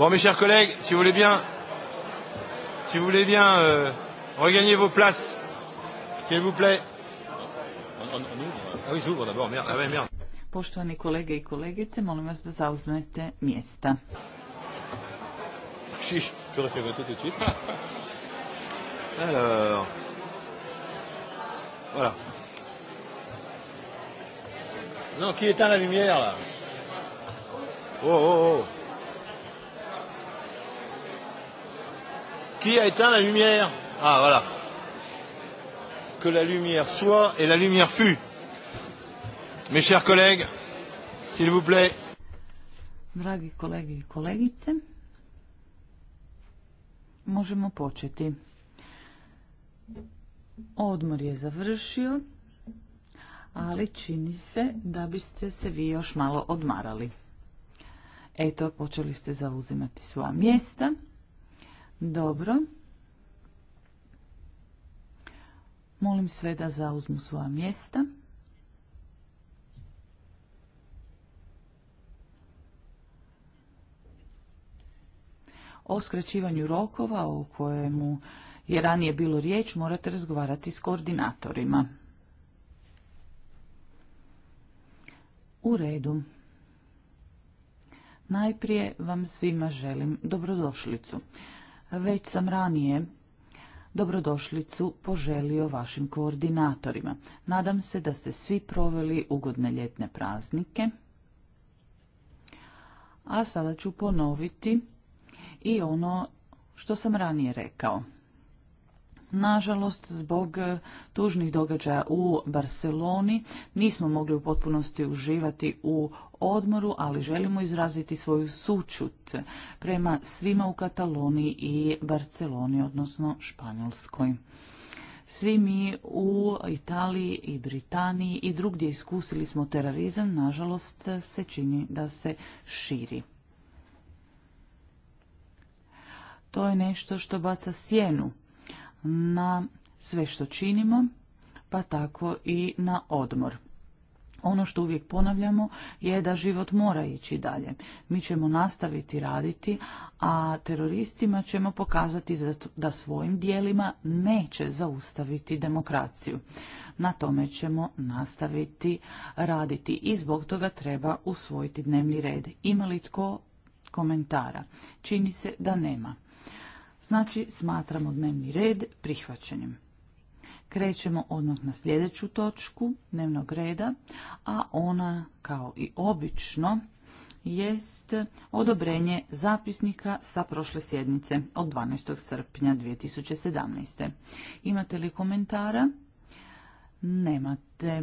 Bon, mes chers collègues, si vous voulez bien, si vous voulez bien, euh, regagnez vos places, s'il vous plaît. Ah oui, j'ouvre d'abord, merde. Ah ouais, merde. Poštovani kolege i kolegice, molim vas da zauzmete mjesta. Šiš, j'aurais da se tout de suite. Alors, voilà. Non, qui éteint la lumière là Oh, oh, oh Qui a éteint la lumière Ah, voilà. Que la lumière soit et la lumière fut. Mes chers collègues, s'il vous plaît. Dragi kolege i kolegice, možemo početi. Odmor je završio, ali čini se da biste se vi još malo odmarali. Eto, počeli ste zauzimati svoja mjesta. Dobro. Molim sve da zauzmu svoja mjesta. O skraćivanju rokova o kojemu je ranije bilo riječ morate razgovarati s koordinatorima. U redu. Najprije vam svima želim dobrodošlicu. Već sam ranije dobrodošlicu poželio vašim koordinatorima. Nadam se da ste svi proveli ugodne ljetne praznike. A sada ću ponoviti i ono što sam ranije rekao. Nažalost, zbog e, tužnih događaja u Barceloni nismo mogli u potpunosti uživati u odmoru, ali želimo izraziti svoju sučut prema svima u Kataloniji i Barceloni, odnosno Španjolskoj. Svi mi u Italiji i Britaniji i drugdje iskusili smo terorizam, nažalost se čini da se širi. To je nešto što baca sjenu na sve što činimo, pa tako i na odmor. Ono što uvijek ponavljamo je da život mora ići dalje. Mi ćemo nastaviti raditi, a teroristima ćemo pokazati da svojim dijelima neće zaustaviti demokraciju. Na tome ćemo nastaviti raditi i zbog toga treba usvojiti dnevni red. Ima li tko komentara? Čini se da nema. Znači, smatramo dnevni red prihvaćenjem. Krećemo odmah na sljedeću točku dnevnog reda, a ona, kao i obično, jest odobrenje zapisnika sa prošle sjednice od 12. srpnja 2017. Imate li komentara? Nemate.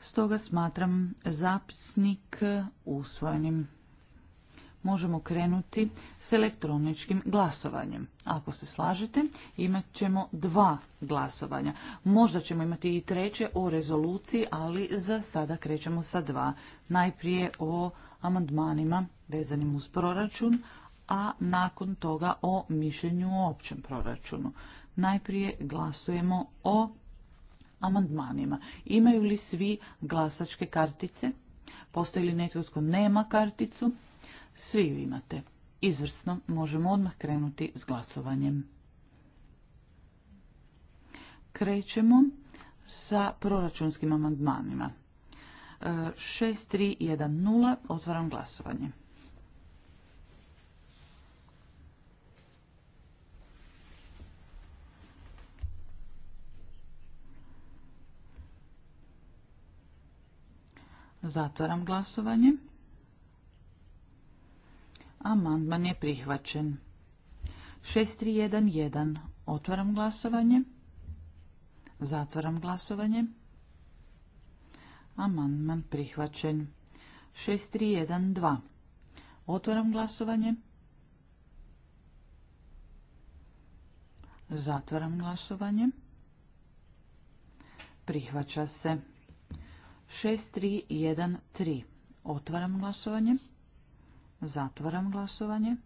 Stoga smatram zapisnik usvojenim možemo krenuti s elektroničkim glasovanjem. Ako se slažete, imat ćemo dva glasovanja. Možda ćemo imati i treće o rezoluciji, ali za sada krećemo sa dva. Najprije o amandmanima vezanim uz proračun, a nakon toga o mišljenju o općem proračunu. Najprije glasujemo o amandmanima. Imaju li svi glasačke kartice? Postoji li netko tko nema karticu? Svi ju imate. Izvrsno, možemo odmah krenuti s glasovanjem. Krećemo sa proračunskim amandmanima. 6310, e, otvaram glasovanje. Zatvaram glasovanje. Amandman je prihvaćen. 6311. Otvaram glasovanje. Zatvaram glasovanje. Amandman prihvaćen. 6312. Otvaram glasovanje. Zatvaram glasovanje. Prihvaća se. 6313. Otvaram glasovanje. Zatvaram glasovanje.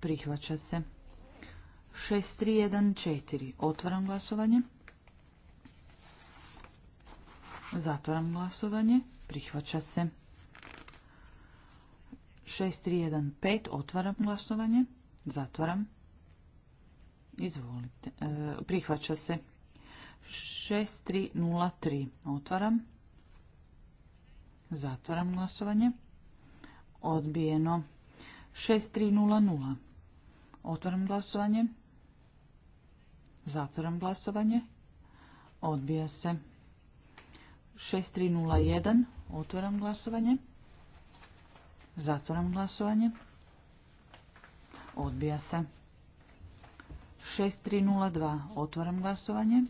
Prihvaća se. 6314. Otvaram glasovanje. Zatvaram glasovanje. Prihvaća se. 6315. Otvaram glasovanje. Zatvaram. Izvolite. E, prihvaća se. 6303. Otvaram. Zatvaram glasovanje odbijeno. 6300. Otvaram glasovanje. Zatvaram glasovanje. Odbija se. 6301. Otvaram glasovanje. Zatvaram glasovanje. Odbija se. 6302. Otvaram glasovanje.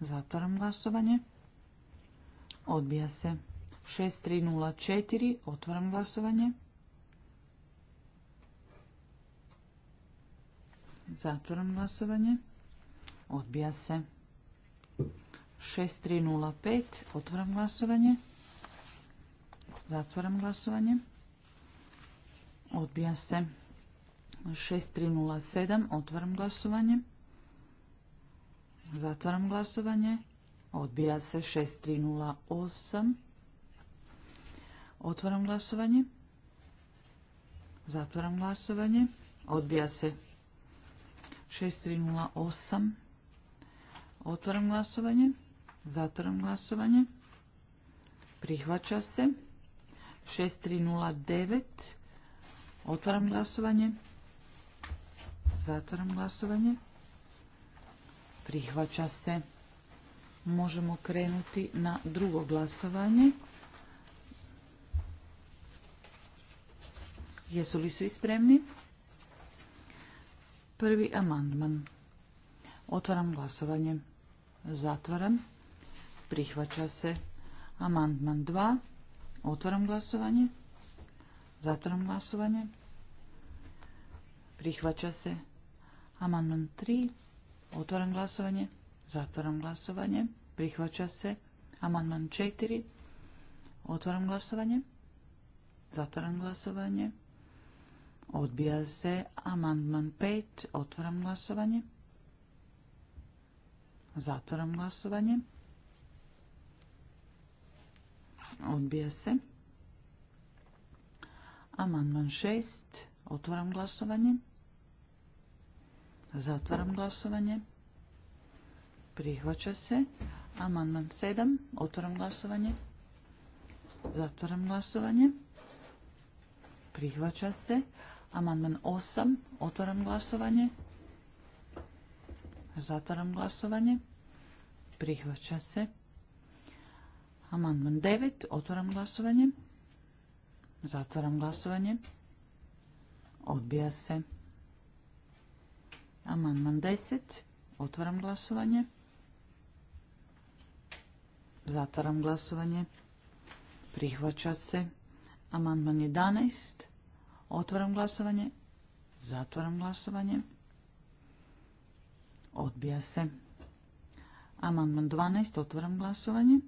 Zatvaram glasovanje. Odbija se. 6304. Otvaram glasovanje. Zatvaram glasovanje. Odbija se. 6305. Otvaram glasovanje. Zatvaram glasovanje. Odbija se. 6307. Otvaram glasovanje. Zatvaram glasovanje. Odbija se 6308. Otvaram glasovanje. Zatvaram glasovanje. Odbija se 6308. Otvaram glasovanje. Zatvaram glasovanje. Prihvaća se. 6309. Otvaram glasovanje. Zatvaram glasovanje. Prihvaća se. Možemo krenuti na drugo glasovanje. Jesu li svi spremni? Prvi amandman. Otvaram glasovanje. Zatvaram. Prihvaća se. Amandman 2. Otvaram glasovanje. Zatvaram glasovanje. Prihvaća se. Amandman 3. Otvaram glasovanje. Zatvaram glasovanje. Prihvaća se. Amandman 4. Otvaram glasovanje. Zatvaram glasovanje. Odbija se amandman 5. Otvaram glasovanje. Zatvaram glasovanje. Odbija se. Amandman 6. Otvaram glasovanje. Zatvaram glasovanje. Prihvaća se. Amandman 7. Otvaram glasovanje. Zatvaram glasovanje. Prihvaća se. Amandman 8. Otvaram glasovanje. Zatvaram glasovanje. Prihvaća se. Amandman 9. Otvaram glasovanje. Zatvaram glasovanje. Odbija se. Amandman 10. Otvaram glasovanje. Zatvaram glasovanje. Prihvaća se. Amandman 11. Otvaram glasovanje. Zatvaram glasovanje. Odbija se. Amandman 12. Otvaram glasovanje.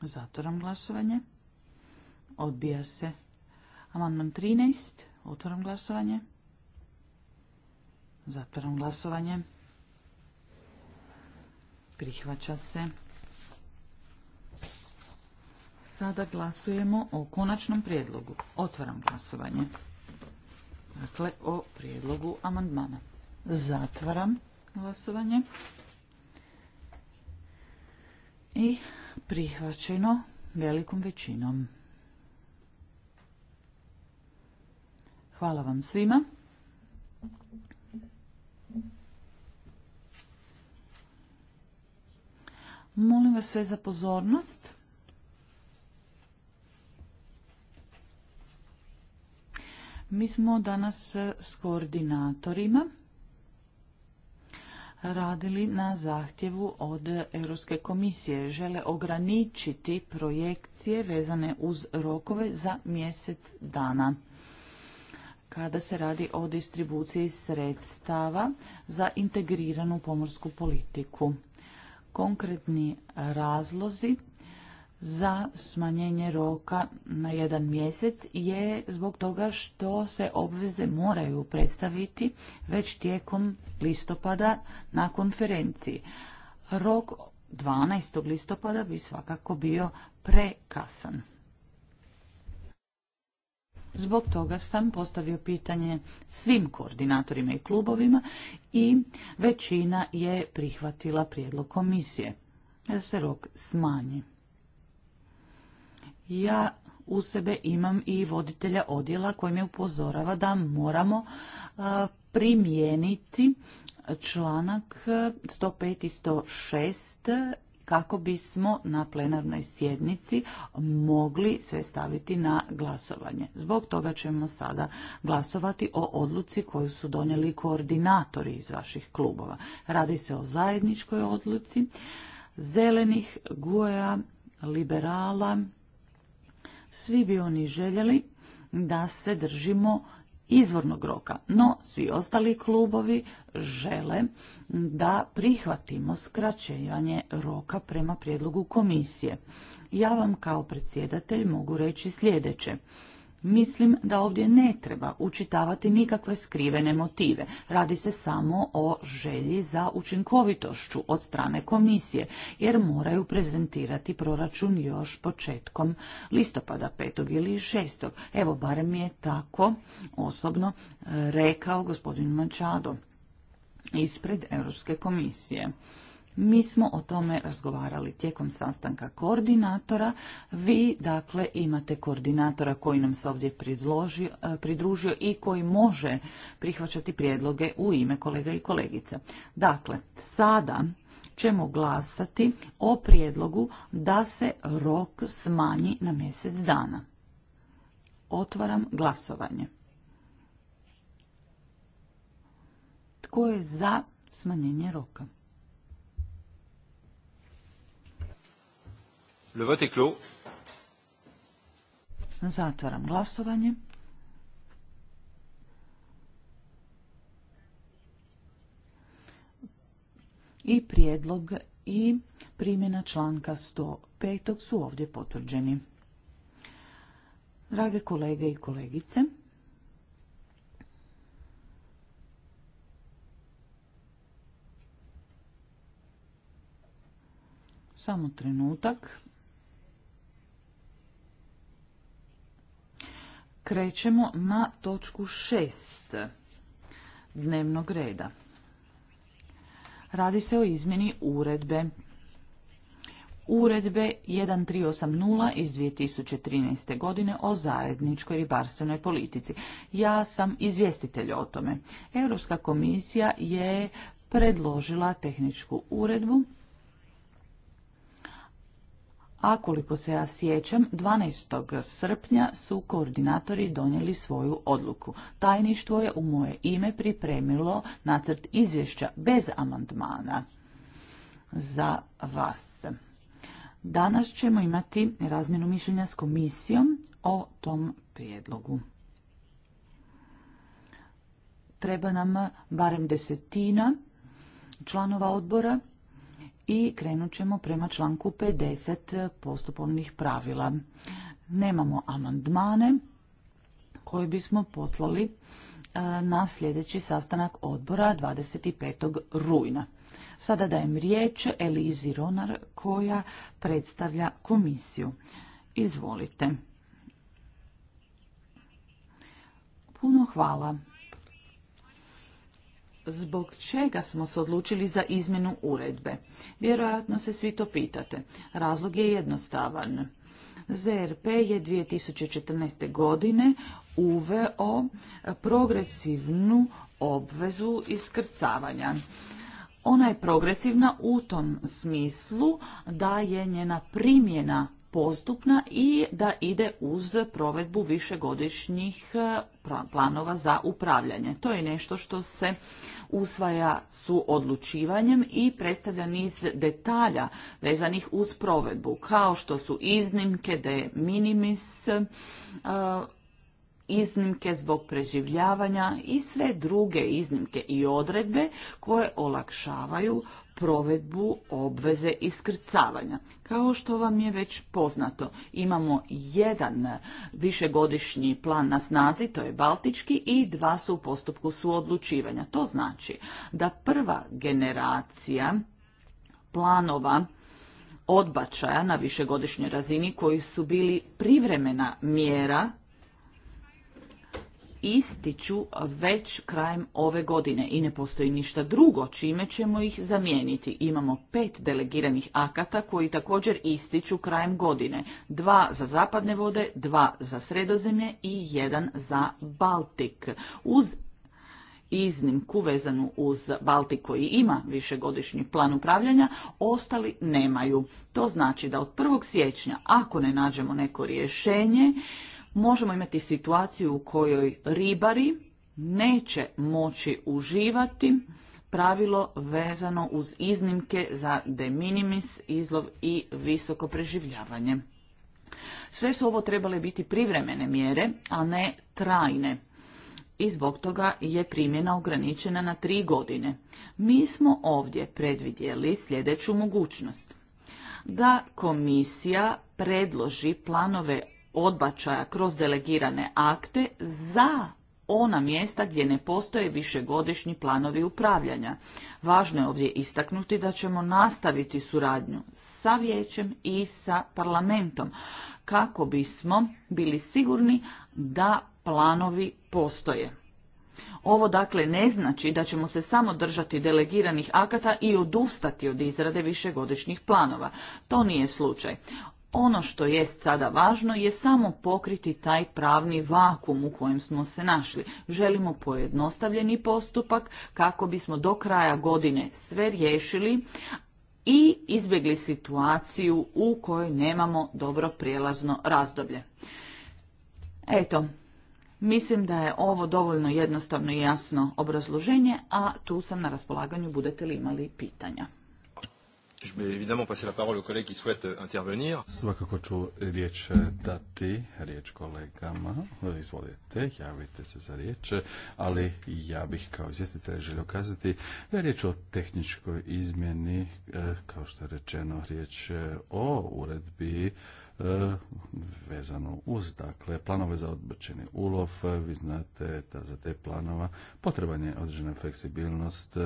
Zatvaram glasovanje. Odbija se. Amandman 13. Otvaram glasovanje. Zatvaram glasovanje. Prihvaća se. Sada glasujemo o konačnom prijedlogu. Otvaram glasovanje. Dakle, o prijedlogu amandmana. Zatvaram glasovanje. I prihvaćeno velikom većinom. Hvala vam svima. Molim vas sve za pozornost. Mi smo danas s koordinatorima radili na zahtjevu od Europske komisije. Žele ograničiti projekcije vezane uz rokove za mjesec dana kada se radi o distribuciji sredstava za integriranu pomorsku politiku. Konkretni razlozi za smanjenje roka na jedan mjesec je zbog toga što se obveze moraju predstaviti već tijekom listopada na konferenciji. Rok 12. listopada bi svakako bio prekasan. Zbog toga sam postavio pitanje svim koordinatorima i klubovima i većina je prihvatila prijedlog komisije da se rok smanji ja u sebe imam i voditelja odjela koji me upozorava da moramo e, primijeniti članak 105 e, i 106 kako bismo na plenarnoj sjednici mogli sve staviti na glasovanje. Zbog toga ćemo sada glasovati o odluci koju su donijeli koordinatori iz vaših klubova. Radi se o zajedničkoj odluci zelenih, guja, liberala, svi bi oni željeli da se držimo izvornog roka, no svi ostali klubovi žele da prihvatimo skraćivanje roka prema prijedlogu komisije. Ja vam kao predsjedatelj mogu reći sljedeće. Mislim da ovdje ne treba učitavati nikakve skrivene motive. Radi se samo o želji za učinkovitošću od strane komisije, jer moraju prezentirati proračun još početkom listopada 5. ili 6. Evo, barem je tako osobno e, rekao gospodin Mančado ispred Europske komisije. Mi smo o tome razgovarali tijekom sastanka koordinatora. Vi, dakle, imate koordinatora koji nam se ovdje e, pridružio i koji može prihvaćati prijedloge u ime kolega i kolegica. Dakle, sada ćemo glasati o prijedlogu da se rok smanji na mjesec dana. Otvaram glasovanje. Tko je za smanjenje roka? Le vote est clos. Zatvaram glasovanje. I prijedlog i primjena članka 105. su ovdje potvrđeni. Drage kolege i kolegice, samo trenutak. Krećemo na točku šest dnevnog reda. Radi se o izmjeni uredbe. Uredbe 1380 iz 2013. godine o zajedničkoj ribarstvenoj politici. Ja sam izvjestitelj o tome. Europska komisija je predložila tehničku uredbu a koliko se ja sjećam, 12. srpnja su koordinatori donijeli svoju odluku. Tajništvo je u moje ime pripremilo nacrt izvješća bez amandmana za vas. Danas ćemo imati razmjenu mišljenja s komisijom o tom prijedlogu. Treba nam barem desetina članova odbora i krenut ćemo prema članku 50 postupovnih pravila. Nemamo amandmane koje bismo poslali e, na sljedeći sastanak odbora 25. rujna. Sada dajem riječ Elizi Ronar koja predstavlja komisiju. Izvolite. Puno hvala zbog čega smo se odlučili za izmjenu uredbe. Vjerojatno se svi to pitate. Razlog je jednostavan. ZRP je 2014. godine uveo progresivnu obvezu iskrcavanja. Ona je progresivna u tom smislu da je njena primjena postupna i da ide uz provedbu višegodišnjih eh, planova za upravljanje. To je nešto što se usvaja su odlučivanjem i predstavlja niz detalja vezanih uz provedbu, kao što su iznimke de minimis, eh, iznimke zbog preživljavanja i sve druge iznimke i odredbe koje olakšavaju provedbu obveze iskrcavanja. Kao što vam je već poznato, imamo jedan višegodišnji plan na snazi, to je Baltički, i dva su u postupku suodlučivanja. To znači da prva generacija planova odbačaja na višegodišnjoj razini koji su bili privremena mjera ističu već krajem ove godine i ne postoji ništa drugo čime ćemo ih zamijeniti. Imamo pet delegiranih akata koji također ističu krajem godine. Dva za zapadne vode, dva za sredozemlje i jedan za Baltik. Uz iznimku vezanu uz Baltik koji ima višegodišnji plan upravljanja, ostali nemaju. To znači da od 1. siječnja, ako ne nađemo neko rješenje, možemo imati situaciju u kojoj ribari neće moći uživati pravilo vezano uz iznimke za de minimis, izlov i visoko preživljavanje. Sve su ovo trebale biti privremene mjere, a ne trajne. I zbog toga je primjena ograničena na tri godine. Mi smo ovdje predvidjeli sljedeću mogućnost. Da komisija predloži planove odbačaja kroz delegirane akte za ona mjesta gdje ne postoje višegodišnji planovi upravljanja. Važno je ovdje istaknuti da ćemo nastaviti suradnju sa vijećem i sa parlamentom kako bismo bili sigurni da planovi postoje. Ovo dakle ne znači da ćemo se samo držati delegiranih akata i odustati od izrade višegodišnjih planova. To nije slučaj. Ono što jest sada važno je samo pokriti taj pravni vakum u kojem smo se našli. Želimo pojednostavljeni postupak kako bismo do kraja godine sve riješili i izbjegli situaciju u kojoj nemamo dobro prijelazno razdoblje. Eto, mislim da je ovo dovoljno jednostavno i jasno obrazloženje, a tu sam na raspolaganju budete li imali pitanja intervenir. Svakako ću riječ e, dati, riječ kolegama, e, izvolite, javite se za riječ, ali ja bih kao izvjestitelj želio kazati da e, je riječ o tehničkoj izmjeni, kao što je rečeno, riječ o uredbi vezano uz dakle planove za odbačeni ulov. Vi znate da za te planova potreban je određena fleksibilnost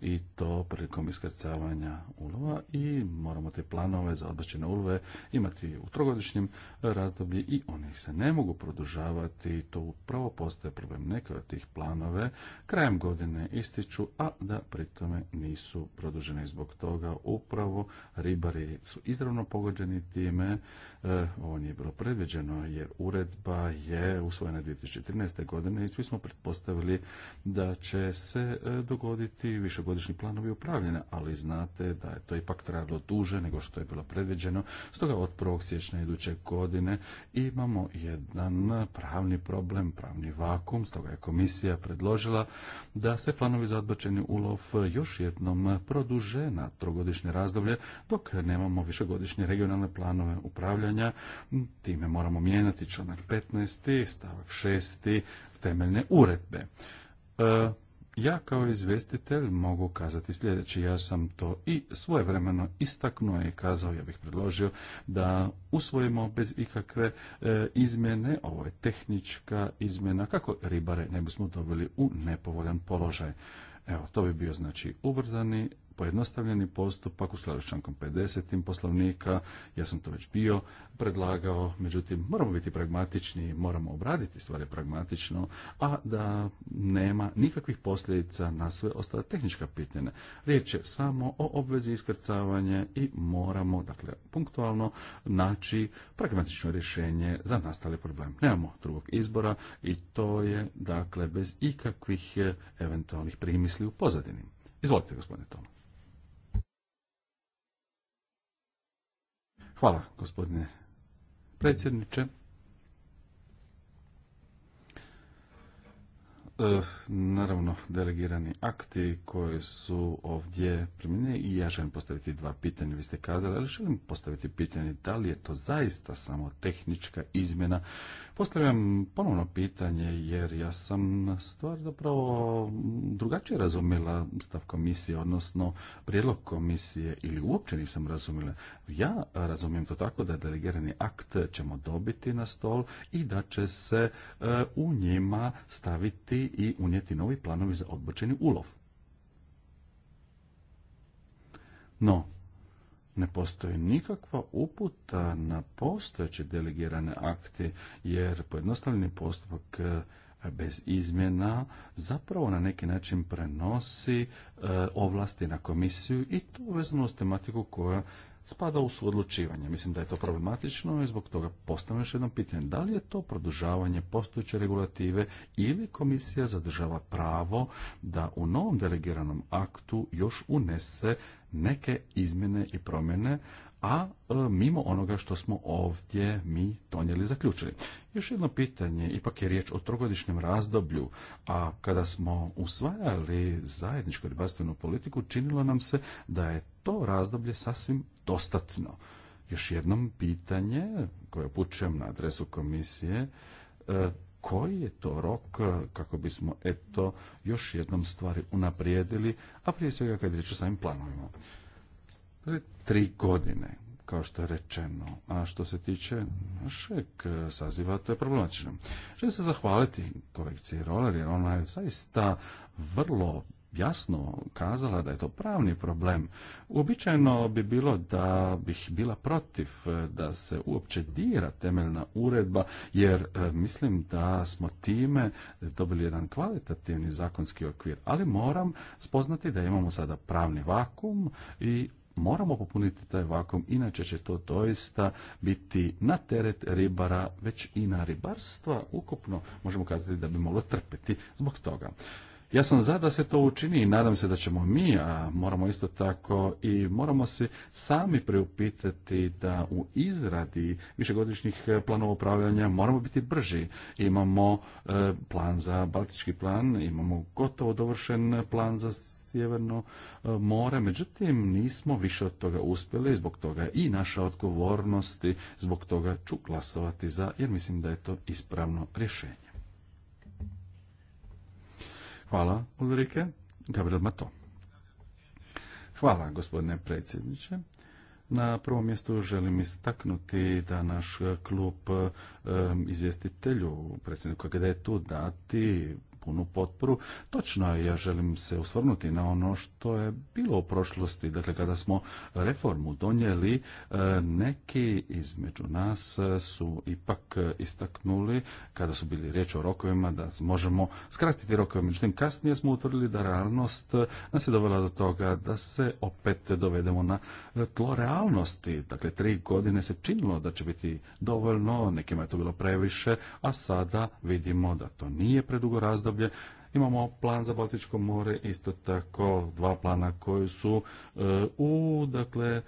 i to prilikom iskrcavanja ulova i moramo te planove za odbačene ulove imati u trogodišnjem razdoblju i oni se ne mogu produžavati, to upravo postaje problem. Neke od tih planove krajem godine ističu, a da pritome nisu produžene. Zbog toga upravo ribari su izravno pogođeni time, e, ovo nije bilo predviđeno jer uredba je usvojena 2013. godine i svi smo pretpostavili da će se e, dogoditi više godišnji planovi upravljanja, ali znate da je to ipak trajalo duže nego što je bilo predviđeno. Stoga od 1. siječnja iduće godine imamo jedan pravni problem, pravni vakum, stoga je komisija predložila da se planovi za odbačeni ulov još jednom produže na trogodišnje razdoblje dok nemamo višegodišnje regionalne planove upravljanja. Time moramo mijenjati članak 15. stavak 6. temeljne uredbe. E, ja kao izvestitelj mogu kazati sljedeći, ja sam to i svojevremeno istaknuo i kazao, ja bih predložio da usvojimo bez ikakve e, izmjene, ovo je tehnička izmjena, kako ribare ne bismo dobili u nepovoljan položaj. Evo, to bi bio znači ubrzani pojednostavljeni postupak u skladu s člankom 50. poslovnika. Ja sam to već bio predlagao, međutim moramo biti pragmatični, moramo obraditi stvari pragmatično, a da nema nikakvih posljedica na sve ostale tehnička pitanja. Riječ je samo o obvezi iskrcavanja i moramo, dakle, punktualno naći pragmatično rješenje za nastali problem. Nemamo drugog izbora i to je, dakle, bez ikakvih eventualnih primisli u pozadini. Izvolite, gospodine Tomo. Hvala, gospodine predsjedniče. E, naravno delegirani akti koji su ovdje primjenjeni i ja želim postaviti dva pitanja. Vi ste kazali, ali želim postaviti pitanje da li je to zaista samo tehnička izmjena Postavljam ponovno pitanje jer ja sam stvar zapravo drugačije razumjela stav komisije, odnosno prijedlog komisije ili uopće nisam razumjela. Ja razumijem to tako da delegirani akt ćemo dobiti na stol i da će se e, u njima staviti i unijeti novi planovi za odbočeni ulov. No, ne postoji nikakva uputa na postojeće delegirane akte, jer pojednostavljeni postupak e, bez izmjena zapravo na neki način prenosi e, ovlasti na komisiju i to vezano s tematiku koja spada u suodlučivanje. Mislim da je to problematično i zbog toga postavljam još jedno pitanje. Da li je to produžavanje postojeće regulative ili komisija zadržava pravo da u novom delegiranom aktu još unese neke izmjene i promjene, a e, mimo onoga što smo ovdje mi donijeli zaključili. Još jedno pitanje, ipak je riječ o trogodišnjem razdoblju, a kada smo usvajali zajedničku ribarstvenu politiku, činilo nam se da je to razdoblje sasvim dostatno. Još jednom pitanje koje upućujem na adresu komisije, e, koji je to rok kako bismo eto još jednom stvari unaprijedili, a prije svega kad je riječ o samim planovima. Tri godine, kao što je rečeno, a što se tiče našeg saziva, to je problematično. Želim se zahvaliti kolekciji Roller, jer ona je zaista vrlo jasno kazala da je to pravni problem. Uobičajeno bi bilo da bih bila protiv e, da se uopće dira temeljna uredba, jer e, mislim da smo time dobili jedan kvalitativni zakonski okvir, ali moram spoznati da imamo sada pravni vakum i moramo popuniti taj vakum, inače će to doista biti na teret ribara, već i na ribarstva ukupno možemo kazati da bi moglo trpeti zbog toga. Ja sam za da se to učini i nadam se da ćemo mi, a moramo isto tako i moramo se sami preupitati da u izradi višegodišnjih e, planova upravljanja moramo biti brži. Imamo e, plan za Baltički plan, imamo gotovo dovršen plan za Sjeverno e, more, međutim nismo više od toga uspjeli, zbog toga i naša odgovornosti, zbog toga ću glasovati za, jer mislim da je to ispravno rješenje. Hvala, Ulrike. Gabriel Mato. Hvala, gospodine predsjedniče. Na prvom mjestu želim istaknuti da naš klub izvjestitelju, predsjedniku je tu dati punu potporu. Točno ja želim se osvrnuti na ono što je bilo u prošlosti. Dakle, kada smo reformu donijeli, e, neki između nas e, su ipak istaknuli, kada su bili riječ o rokovima, da možemo skratiti rokove. Međutim, kasnije smo utvrdili da realnost e, nas je dovela do toga da se opet dovedemo na tlo realnosti. Dakle, tri godine se činilo da će biti dovoljno, nekima je to bilo previše, a sada vidimo da to nije predugo razdoblje Imamo plan za Baltičko more, isto tako dva plana koji su e, u dakle e,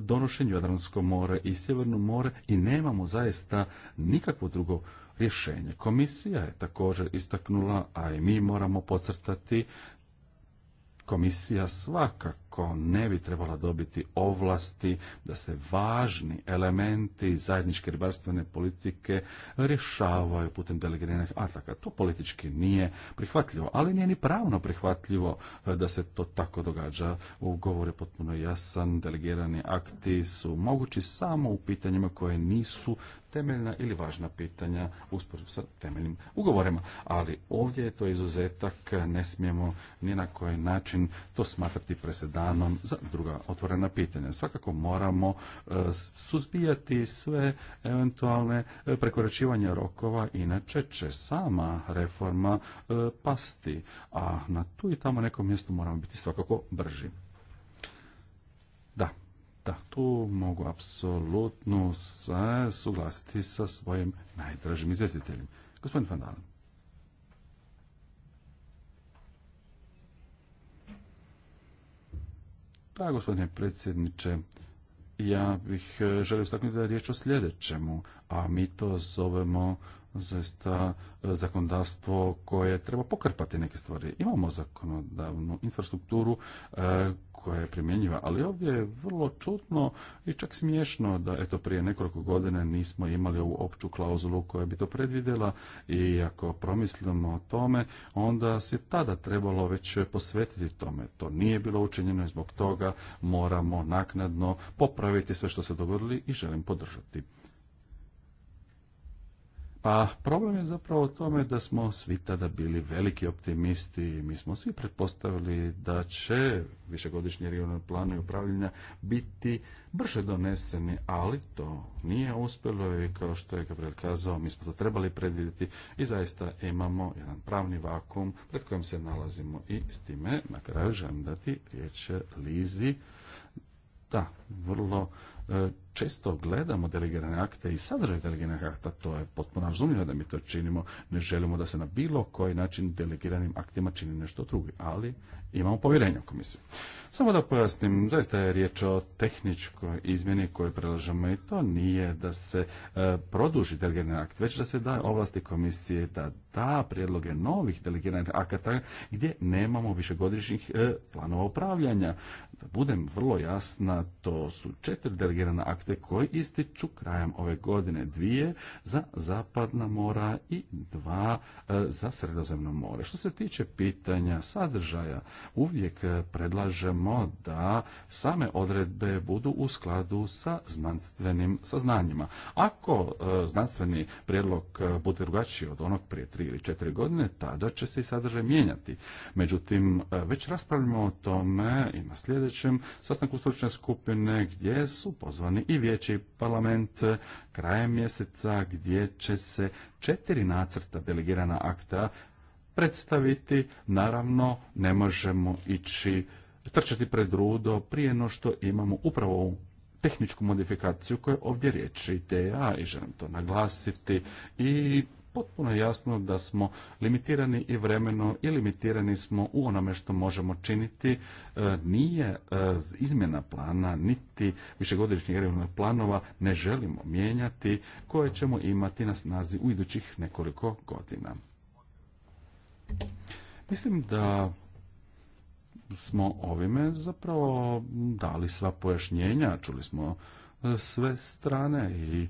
donošenju Jadransko more i Sjeverno more i nemamo zaista nikakvo drugo rješenje. Komisija je također istaknula, a i mi moramo pocrtati, komisija svakako ne bi trebala dobiti ovlasti da se važni elementi zajedničke ribarstvene politike rješavaju putem delegiranih ataka. To politički nije prihvatljivo, ali nije ni pravno prihvatljivo e, da se to tako događa. Ugovor je potpuno jasan, delegirani akti su mogući samo u pitanjima koje nisu temeljna ili važna pitanja uspor sa temeljnim ugovorima. Ali ovdje je to izuzetak, ne smijemo ni na koji način to smatrati presedanom za druga otvorena pitanja. Svakako moramo e, suzbijati sve eventualne e, prekoračivanje rokova, inače će sama reforma e, pasti, a na tu i tamo nekom mjestu moramo biti svakako brži. Da, tu mogu apsolutno se suglasiti sa svojim najdražim izvjestiteljem. Gospodin Van Dalen. Da, pa, gospodine predsjedniče, ja bih eh, želio istaknuti da je riječ o sljedećemu, a mi to zovemo zaista e, zakonodavstvo koje treba pokrpati neke stvari. Imamo zakonodavnu infrastrukturu e, koja je primjenjiva, ali ovdje je vrlo čudno i čak smiješno da eto prije nekoliko godina nismo imali ovu opću klauzulu koja bi to predvidjela i ako promislimo o tome, onda se tada trebalo već posvetiti tome. To nije bilo učinjeno i zbog toga moramo naknadno popraviti sve što se dogodili i želim podržati pa problem je zapravo u tome da smo svi tada bili veliki optimisti i mi smo svi pretpostavili da će višegodišnji regionalni plan i upravljanja biti brže doneseni, ali to nije uspjelo i kao što je Gabriel kazao, mi smo to trebali predvidjeti i zaista imamo jedan pravni vakum pred kojim se nalazimo i s time na kraju želim dati riječ Lizi. Da, vrlo e, često gledamo delegirane akte i sadržaj delegiranih akta, to je potpuno razumljivo da mi to činimo. Ne želimo da se na bilo koji način delegiranim aktima čini nešto drugo, ali imamo povjerenje u komisiju. Samo da pojasnim, zaista je riječ o tehničkoj izmjeni koju predlažemo i to nije da se e, produži delegirani akt, već da se daje ovlasti komisije da da prijedloge novih delegiranih akata gdje nemamo višegodišnjih e, planova upravljanja. Da budem vrlo jasna, to su četiri delegirana akta koji ističu krajem ove godine dvije za zapadna mora i dva e, za sredozemno more. Što se tiče pitanja sadržaja, uvijek predlažemo da same odredbe budu u skladu sa znanstvenim saznanjima. Ako e, znanstveni prijedlog e, bude drugačiji od onog prije tri ili četiri godine, tada će se i sadržaj mijenjati. Međutim, već raspravljamo o tome i na sljedećem sastanku stručne skupine gdje su pozvani i parlament eh, krajem mjeseca gdje će se četiri nacrta delegirana akta predstaviti. Naravno, ne možemo ići trčati pred rudo prije no što imamo upravo ovu tehničku modifikaciju koja je ovdje riječ ideja i želim to naglasiti i potpuno jasno da smo limitirani i vremeno i limitirani smo u onome što možemo činiti. E, nije e, izmjena plana niti višegodišnjih regionalnih planova ne želimo mijenjati koje ćemo imati na snazi u idućih nekoliko godina. Mislim da smo ovime zapravo dali sva pojašnjenja, čuli smo e, sve strane i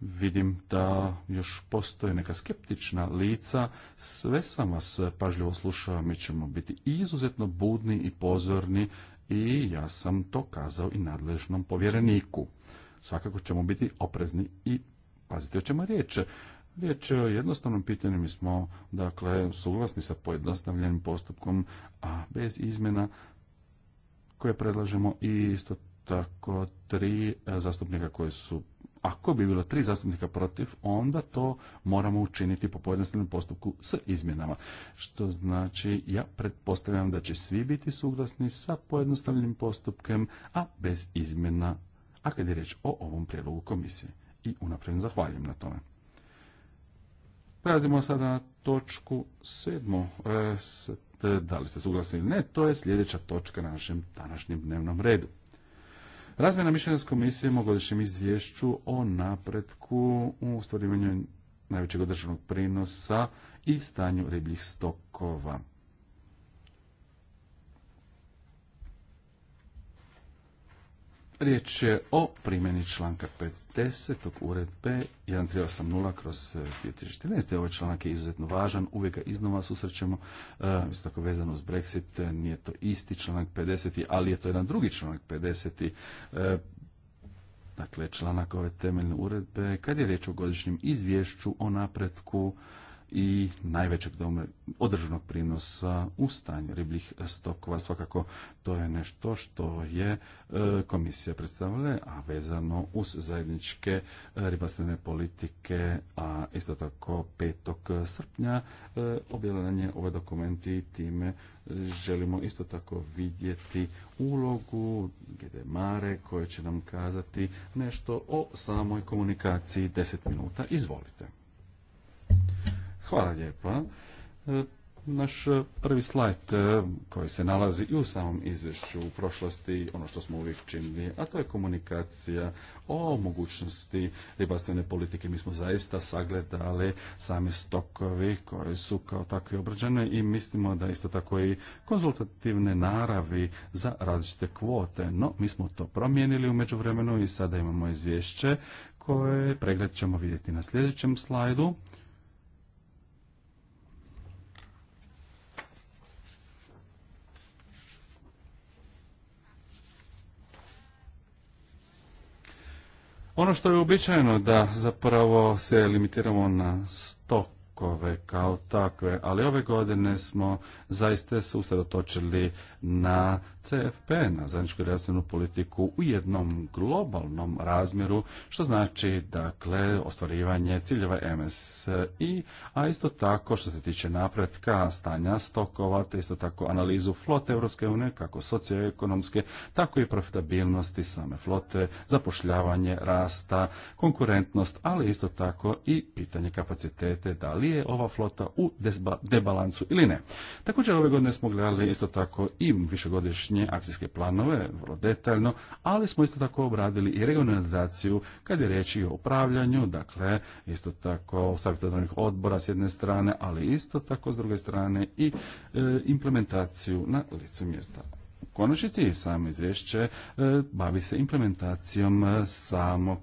vidim da još postoje neka skeptična lica. Sve sam vas pažljivo slušao, mi ćemo biti izuzetno budni i pozorni i ja sam to kazao i nadležnom povjereniku. Svakako ćemo biti oprezni i paziti o čemu riječ. Riječ je o jednostavnom pitanju, mi smo dakle suglasni sa pojednostavljenim postupkom, a bez izmjena koje predlažemo i isto tako tri e, zastupnika koji su ako bi bilo tri zastupnika protiv, onda to moramo učiniti po pojednostavnom postupku s izmjenama. Što znači, ja pretpostavljam da će svi biti suglasni sa pojednostavljenim postupkem, a bez izmjena, a kada je riječ o ovom prijedlogu komisije. I unaprijed zahvaljujem na tome. Prelazimo sada na točku sedmu. E, da li ste suglasni ili ne, to je sljedeća točka na našem današnjem dnevnom redu. Razmjena mišljenja s komisijom o godišnjem izvješću o napretku u ostvarivanju najvećeg državnog prinosa i stanju ribljih stokova. Riječ je o primjeni članka 50. uredbe 1380 kroz 2014. E, ovaj članak je izuzetno važan, uvijek ga iznova susrećemo, e, Mislim isto tako vezano s Brexit, e, nije to isti članak 50. ali je to jedan drugi članak 50. dakle, članak ove temeljne uredbe, kad je riječ o godišnjem izvješću o napretku, i najvećeg održanog prinosa u stanju ribljih stokova. Svakako to je nešto što je e, komisija predstavila, a vezano uz zajedničke ribarstvene politike, a isto tako 5. srpnja e, objavljen je ovaj dokumenti i time želimo isto tako vidjeti ulogu Gede Mare koje će nam kazati nešto o samoj komunikaciji 10 minuta. Izvolite. Hvala lijepa. E, naš prvi slajd e, koji se nalazi i u samom izvješću u prošlosti, ono što smo uvijek činili, a to je komunikacija o mogućnosti ribastvene politike. Mi smo zaista sagledali sami stokovi koji su kao takvi obrađene i mislimo da isto tako i konzultativne naravi za različite kvote. No, mi smo to promijenili u međuvremenu i sada imamo izvješće koje pregled ćemo vidjeti na sljedećem slajdu. Ono što je uobičajeno da zapravo se limitiramo na 100 rokove kao takve, ali ove godine smo zaista se usredotočili na CFP, na zajedničku razvojnu politiku u jednom globalnom razmjeru, što znači dakle ostvarivanje ciljeva MSI, a isto tako što se tiče napretka stanja stokova, te isto tako analizu flote Europske kako socioekonomske, tako i profitabilnosti same flote, zapošljavanje, rasta, konkurentnost, ali isto tako i pitanje kapacitete, da li li je ova flota u debalansu ili ne. Također ove godine smo gledali isto tako i višegodišnje akcijske planove, vrlo detaljno, ali smo isto tako obradili i regionalizaciju kad je riječ o upravljanju, dakle isto tako savjetodavnih odbora s jedne strane, ali isto tako s druge strane i e, implementaciju na licu mjesta. U konačnici i samo izvješće e, bavi se implementacijom e, samog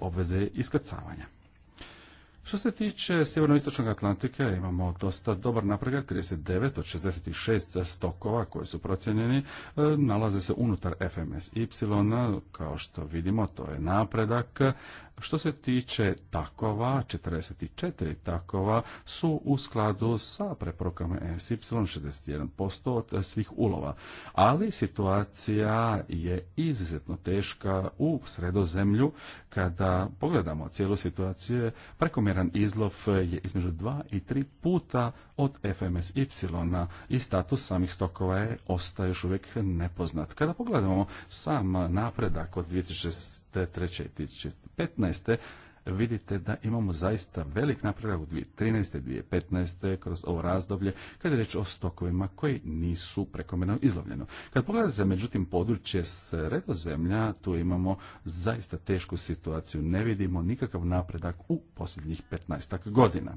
obveze iskrcavanja. Što se tiče Sjeverno-istočnog Atlantika, imamo dosta dobar napredak, 39 od 66 stokova koji su procjenjeni, e, nalaze se unutar FMS Y, kao što vidimo, to je napredak, što se tiče takova, 44 takova su u skladu sa preporukama SY 61% od svih ulova, ali situacija je izuzetno teška u sredozemlju. Kada pogledamo cijelu situaciju, prekomjeran izlov je između 2 i 3 puta od FMSY i status samih stokova je ostaje još uvijek nepoznat. Kada pogledamo sam napredak od 2003. i 2015. vidite da imamo zaista velik napredak u 2013. i 2015. kroz ovo razdoblje kad je reč o stokovima koji nisu prekomjerno izlovljeno. Kad pogledate međutim područje sredozemlja, tu imamo zaista tešku situaciju. Ne vidimo nikakav napredak u posljednjih 15 godina.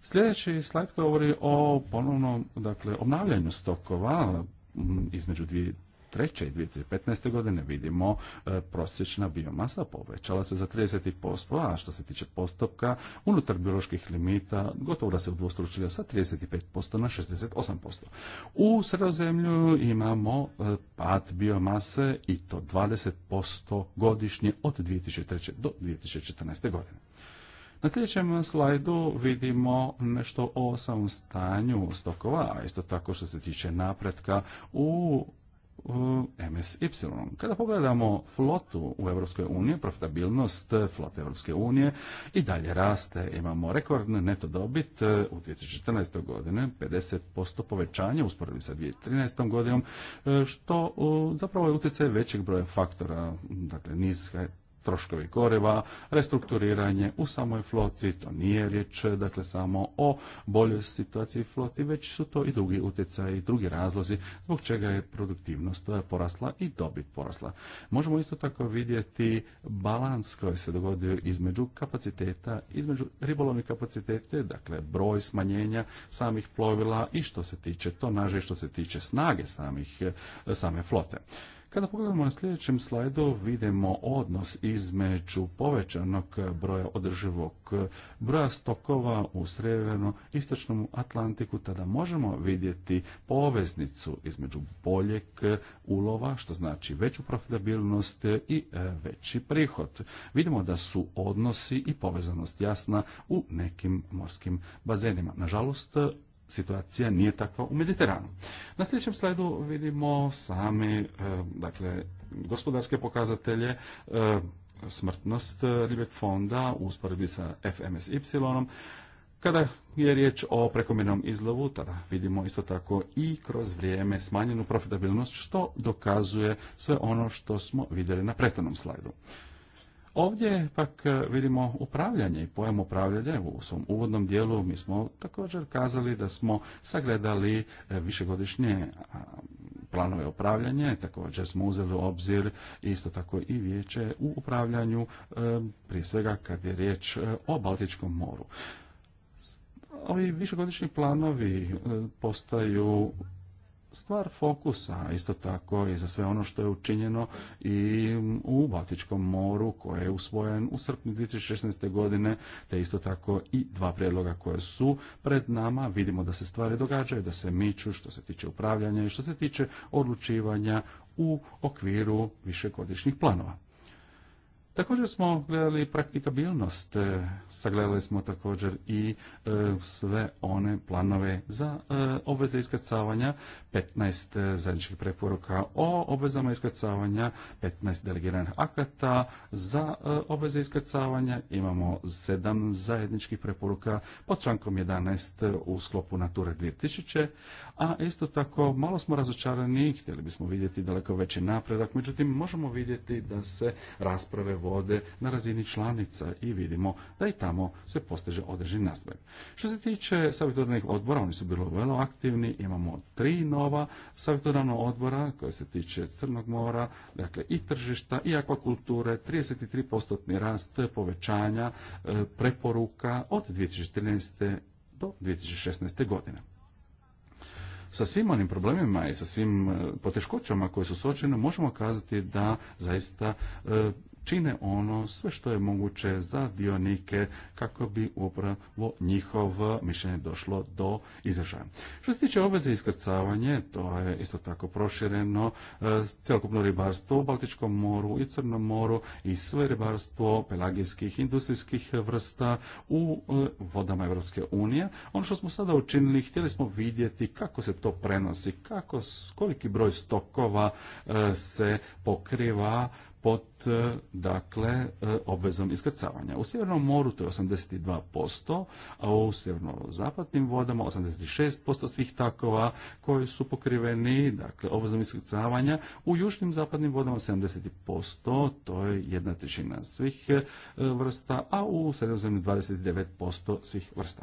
Sljedeći slajd govori o ponovnom dakle, obnavljanju stokova između 2003. i 2015. godine vidimo e, prosječna biomasa povećala se za 30%, a što se tiče postupka, unutar bioloških limita gotovo da se udvostručila sa 35% na 68%. U sredozemlju imamo e, pad biomase i to 20% godišnje od 2003. do 2014. godine. Na sljedećem slajdu vidimo nešto o samom stanju stokova, a isto tako što se tiče napretka u MSY. Kada pogledamo flotu u Europskoj uniji, profitabilnost flote Europske unije i dalje raste. Imamo rekordnu neto dobit e, u 2014. godine, 50% povećanje usporedbi sa 2013. godinom, e, što zapravo je utjecaj većeg broja faktora, dakle niz troškovi goriva, restrukturiranje u samoj floti, to nije riječ dakle samo o boljoj situaciji floti, već su to i drugi utjecaji i drugi razlozi zbog čega je produktivnost porasla i dobit porasla. Možemo isto tako vidjeti balans koji se dogodio između kapaciteta, između ribolovnih kapacitete, dakle broj smanjenja samih plovila i što se tiče tonaže i što se tiče snage samih, same flote. Kada pogledamo na sljedećem slajdu, vidimo odnos između povećanog broja održivog broja stokova u sreverno istočnom Atlantiku, tada možemo vidjeti poveznicu između boljeg ulova, što znači veću profitabilnost i e, veći prihod. Vidimo da su odnosi i povezanost jasna u nekim morskim bazenima. Nažalost, situacija nije takva u Mediteranu. Na sljedećem slajdu vidimo sami e, dakle, gospodarske pokazatelje e, smrtnost Ribek fonda u usporedbi sa FMSY. Kada je riječ o prekomjernom izlovu, tada vidimo isto tako i kroz vrijeme smanjenu profitabilnost, što dokazuje sve ono što smo vidjeli na prethodnom slajdu. Ovdje pak e, vidimo upravljanje i pojam upravljanja u svom uvodnom dijelu mi smo također kazali da smo sagledali e, višegodišnje planove upravljanja, također smo uzeli u obzir isto tako i vijeće u upravljanju e, prije svega kad je riječ o Baltičkom moru. Ovi višegodišnji planovi postaju stvar fokusa, isto tako i za sve ono što je učinjeno i u Baltičkom moru koje je usvojen u srpnju 2016. godine, te isto tako i dva prijedloga koje su pred nama. Vidimo da se stvari događaju, da se miču što se tiče upravljanja i što se tiče odlučivanja u okviru višegodišnjih planova. Također smo gledali praktikabilnost, e, sagledali smo također i e, sve one planove za e, obveze iskrcavanja, 15 zajedničkih preporuka o obvezama iskrcavanja, 15 delegiranih akata za e, obveze iskrcavanja, imamo 7 zajedničkih preporuka pod člankom 11 u sklopu Nature 2000, a isto tako malo smo razočarani, htjeli bismo vidjeti daleko veći napredak, međutim možemo vidjeti da se rasprave vode na razini članica i vidimo da i tamo se posteže određen nastavak. Što se tiče savjetodavnih odbora, oni su bili vrlo aktivni, imamo tri nove nova savjetodavna odbora koje se tiče Crnog mora, dakle i tržišta i akvakulture, 33% rast povećanja e, preporuka od 2014. do 2016. godine sa svim onim problemima i sa svim e, poteškoćama koje su sočene, možemo kazati da zaista e, čine ono sve što je moguće za dionike kako bi upravo njihov mišljenje došlo do izražaja. Što se tiče obveze iskrcavanje, to je isto tako prošireno, e, celokupno ribarstvo u Baltičkom moru i Crnom moru i sve ribarstvo pelagijskih industrijskih vrsta u e, vodama Europske unije. Ono što smo sada učinili, htjeli smo vidjeti kako se to prenosi, kako, koliki broj stokova e, se pokriva pod e, dakle e, obvezom iskrcavanja. U Sjevernom moru to je 82%, a u sjeverno-zapadnim vodama 86% svih takova koji su pokriveni dakle obvezom iskrcavanja. U južnim zapadnim vodama 70%, to je jedna trećina svih e, vrsta, a u sredozemlju 29% svih vrsta.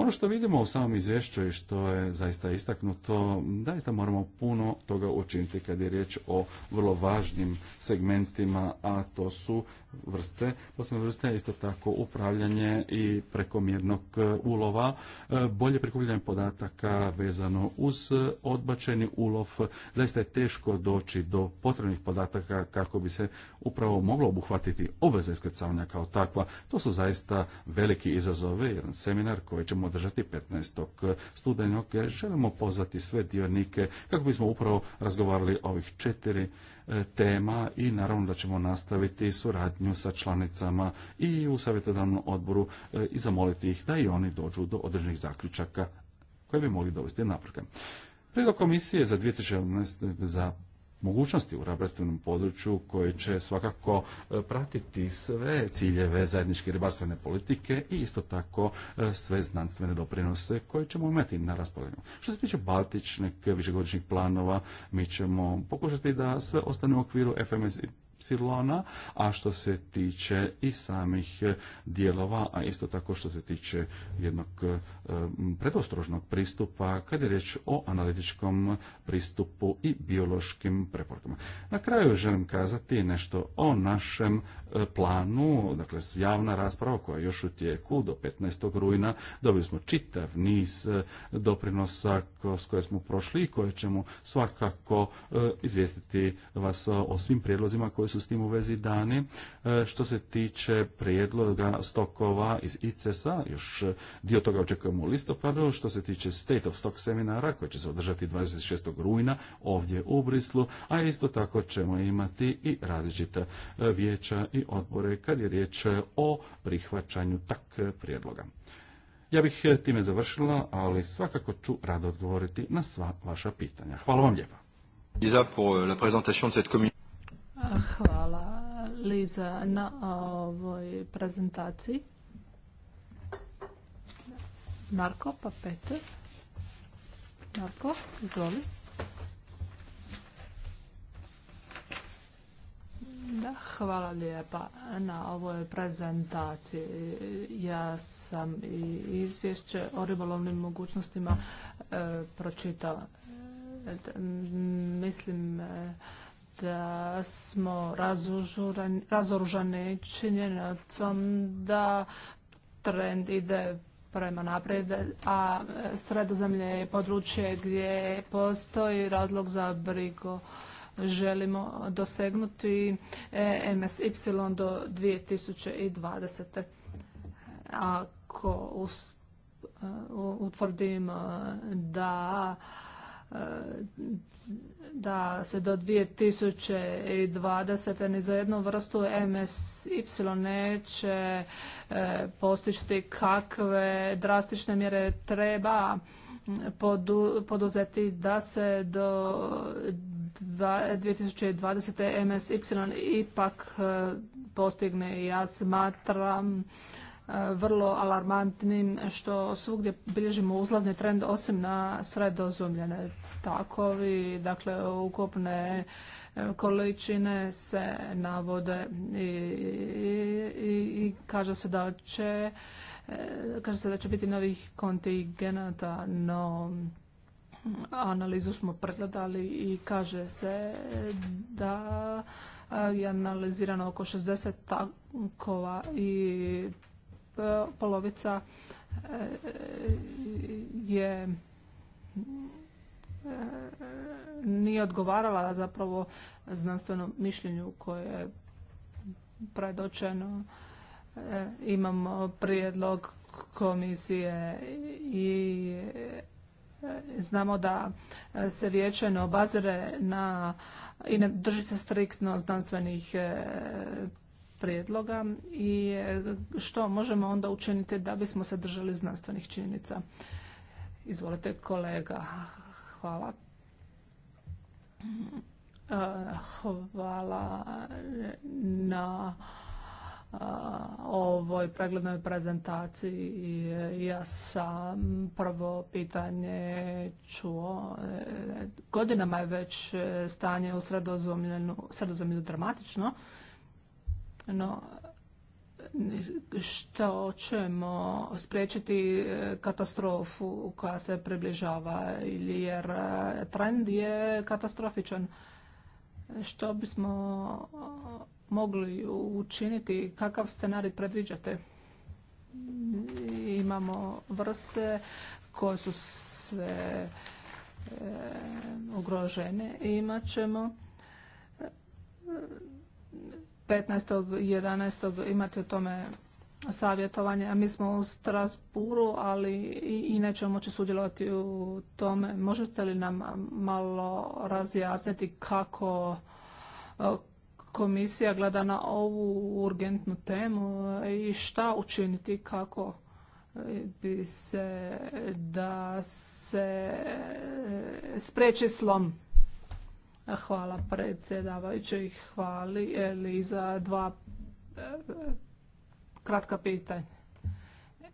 Ono što vidimo u samom izvješću i što je zaista istaknuto, zaista moramo puno toga učiniti kad je riječ o vrlo važnim segmentima, a to su vrste, posebne vrste, isto tako upravljanje i prekomjernog e, ulova, e, bolje prikupljanje podataka vezano uz odbačeni ulov. Zaista je teško doći do potrebnih podataka kako bi se upravo moglo obuhvatiti obveze iskrcavanja kao takva. To su zaista veliki izazove, jedan seminar koji ćemo održati 15. studenog. Želimo pozvati sve dionike kako bismo upravo razgovarali o ovih četiri e, tema i naravno da ćemo nastaviti suradnju sa članicama i u savjetodavnom odboru e, i zamoliti ih da i oni dođu do određenih zaključaka koje bi mogli dovesti naprke. Prijedlog komisije za 2017. za mogućnosti u rabarstvenom području koje će svakako e, pratiti sve ciljeve zajedničke ribarstvene politike i isto tako e, sve znanstvene doprinose koje ćemo imati na raspolaganju. Što se tiče baltičnih višegodišnjih planova, mi ćemo pokušati da sve ostane u okviru FMS a što se tiče i samih e, dijelova, a isto tako što se tiče jednog e, predostrožnog pristupa kad je riječ o analitičkom pristupu i biološkim preporukama. Na kraju želim kazati nešto o našem e, planu, dakle javna rasprava koja je još u tijeku do 15. rujna. Dobili smo čitav niz doprinosa s koje smo prošli i koje ćemo svakako izvijestiti vas o svim prijedlozima koji su s tim u vezi dani. E, što se tiče prijedloga stokova iz ICES-a, još e, dio toga očekujemo u listopadu. Što se tiče State of Stock seminara, koji će se održati 26. rujna ovdje u Brislu, a isto tako ćemo imati i različita e, vijeća i odbore kad je riječ o prihvaćanju tak prijedloga. Ja bih time završila, ali svakako ću rado odgovoriti na sva vaša pitanja. Hvala vam lijepa. Euh, Ah, hvala Liza na ovoj prezentaciji. Marko, pa Peter. Marko, izvoli. Da, hvala lijepa na ovoj prezentaciji. Ja sam i izvješće o ribolovnim mogućnostima e, pročitala. E, mislim e, da smo razoružani činjenicom da trend ide prema naprijed, a sredozemlje je područje gdje postoji razlog za brigu. Želimo dosegnuti MSY do 2020. Ako utvrdimo da da se do 2020. ni za jednu vrstu MSY neće e, postići kakve drastične mjere treba poduzeti da se do 2020. MSY ipak e, postigne. Ja smatram vrlo alarmantnim što svugdje bilježimo uzlazni trend osim na sredozumljene takovi, dakle ukupne e, količine se navode i, i, i kaže se da će e, kaže se da će biti novih kontingenata, no analizu smo pregledali i kaže se da e, je analizirano oko 60 takova i E, polovica e, je e, nije odgovarala zapravo znanstvenom mišljenju koje je predočeno. Imamo prijedlog komisije i znamo da se vijeće ne obazire na i ne drži se striktno znanstvenih prijedloga i e, što možemo onda učiniti da bismo se držali znanstvenih činjenica. Izvolite kolega. Hvala. E, hvala na e, ovoj preglednoj prezentaciji ja sam prvo pitanje čuo. Godinama je već stanje u sredozemlju dramatično no, što ćemo spriječiti e, katastrofu koja se približava jer e, trend je katastrofičan. Što bismo e, mogli učiniti? Kakav scenarij predviđate? Imamo vrste koje su sve ugrožene i imat ćemo 15.11. imati o tome savjetovanje. A mi smo u Strasburu, ali i, i nećemo moći sudjelovati u tome. Možete li nam malo razjasniti kako e, komisija gleda na ovu urgentnu temu e, i šta učiniti kako e, bi se da se spreči slom? Hvala predsjedavajući, hvali za Dva e, kratka pitanja.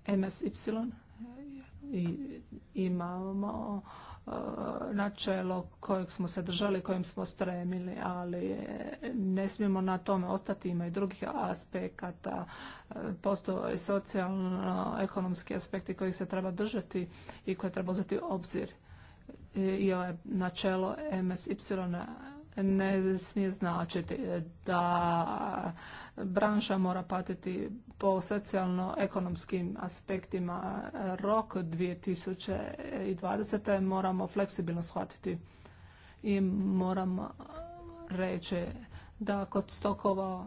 MSY i imamo e, načelo kojeg smo se držali, kojem smo stremili, ali ne smijemo na tome ostati, ima i drugih aspekata, e, postoje socijalno-ekonomski aspekti koji se treba držati i koje treba uzeti obzir. E, i ovaj načelo MSY ne smije značiti da branša mora patiti po socijalno-ekonomskim aspektima. Rok 2020. moramo fleksibilno shvatiti i moramo reći da kod stokova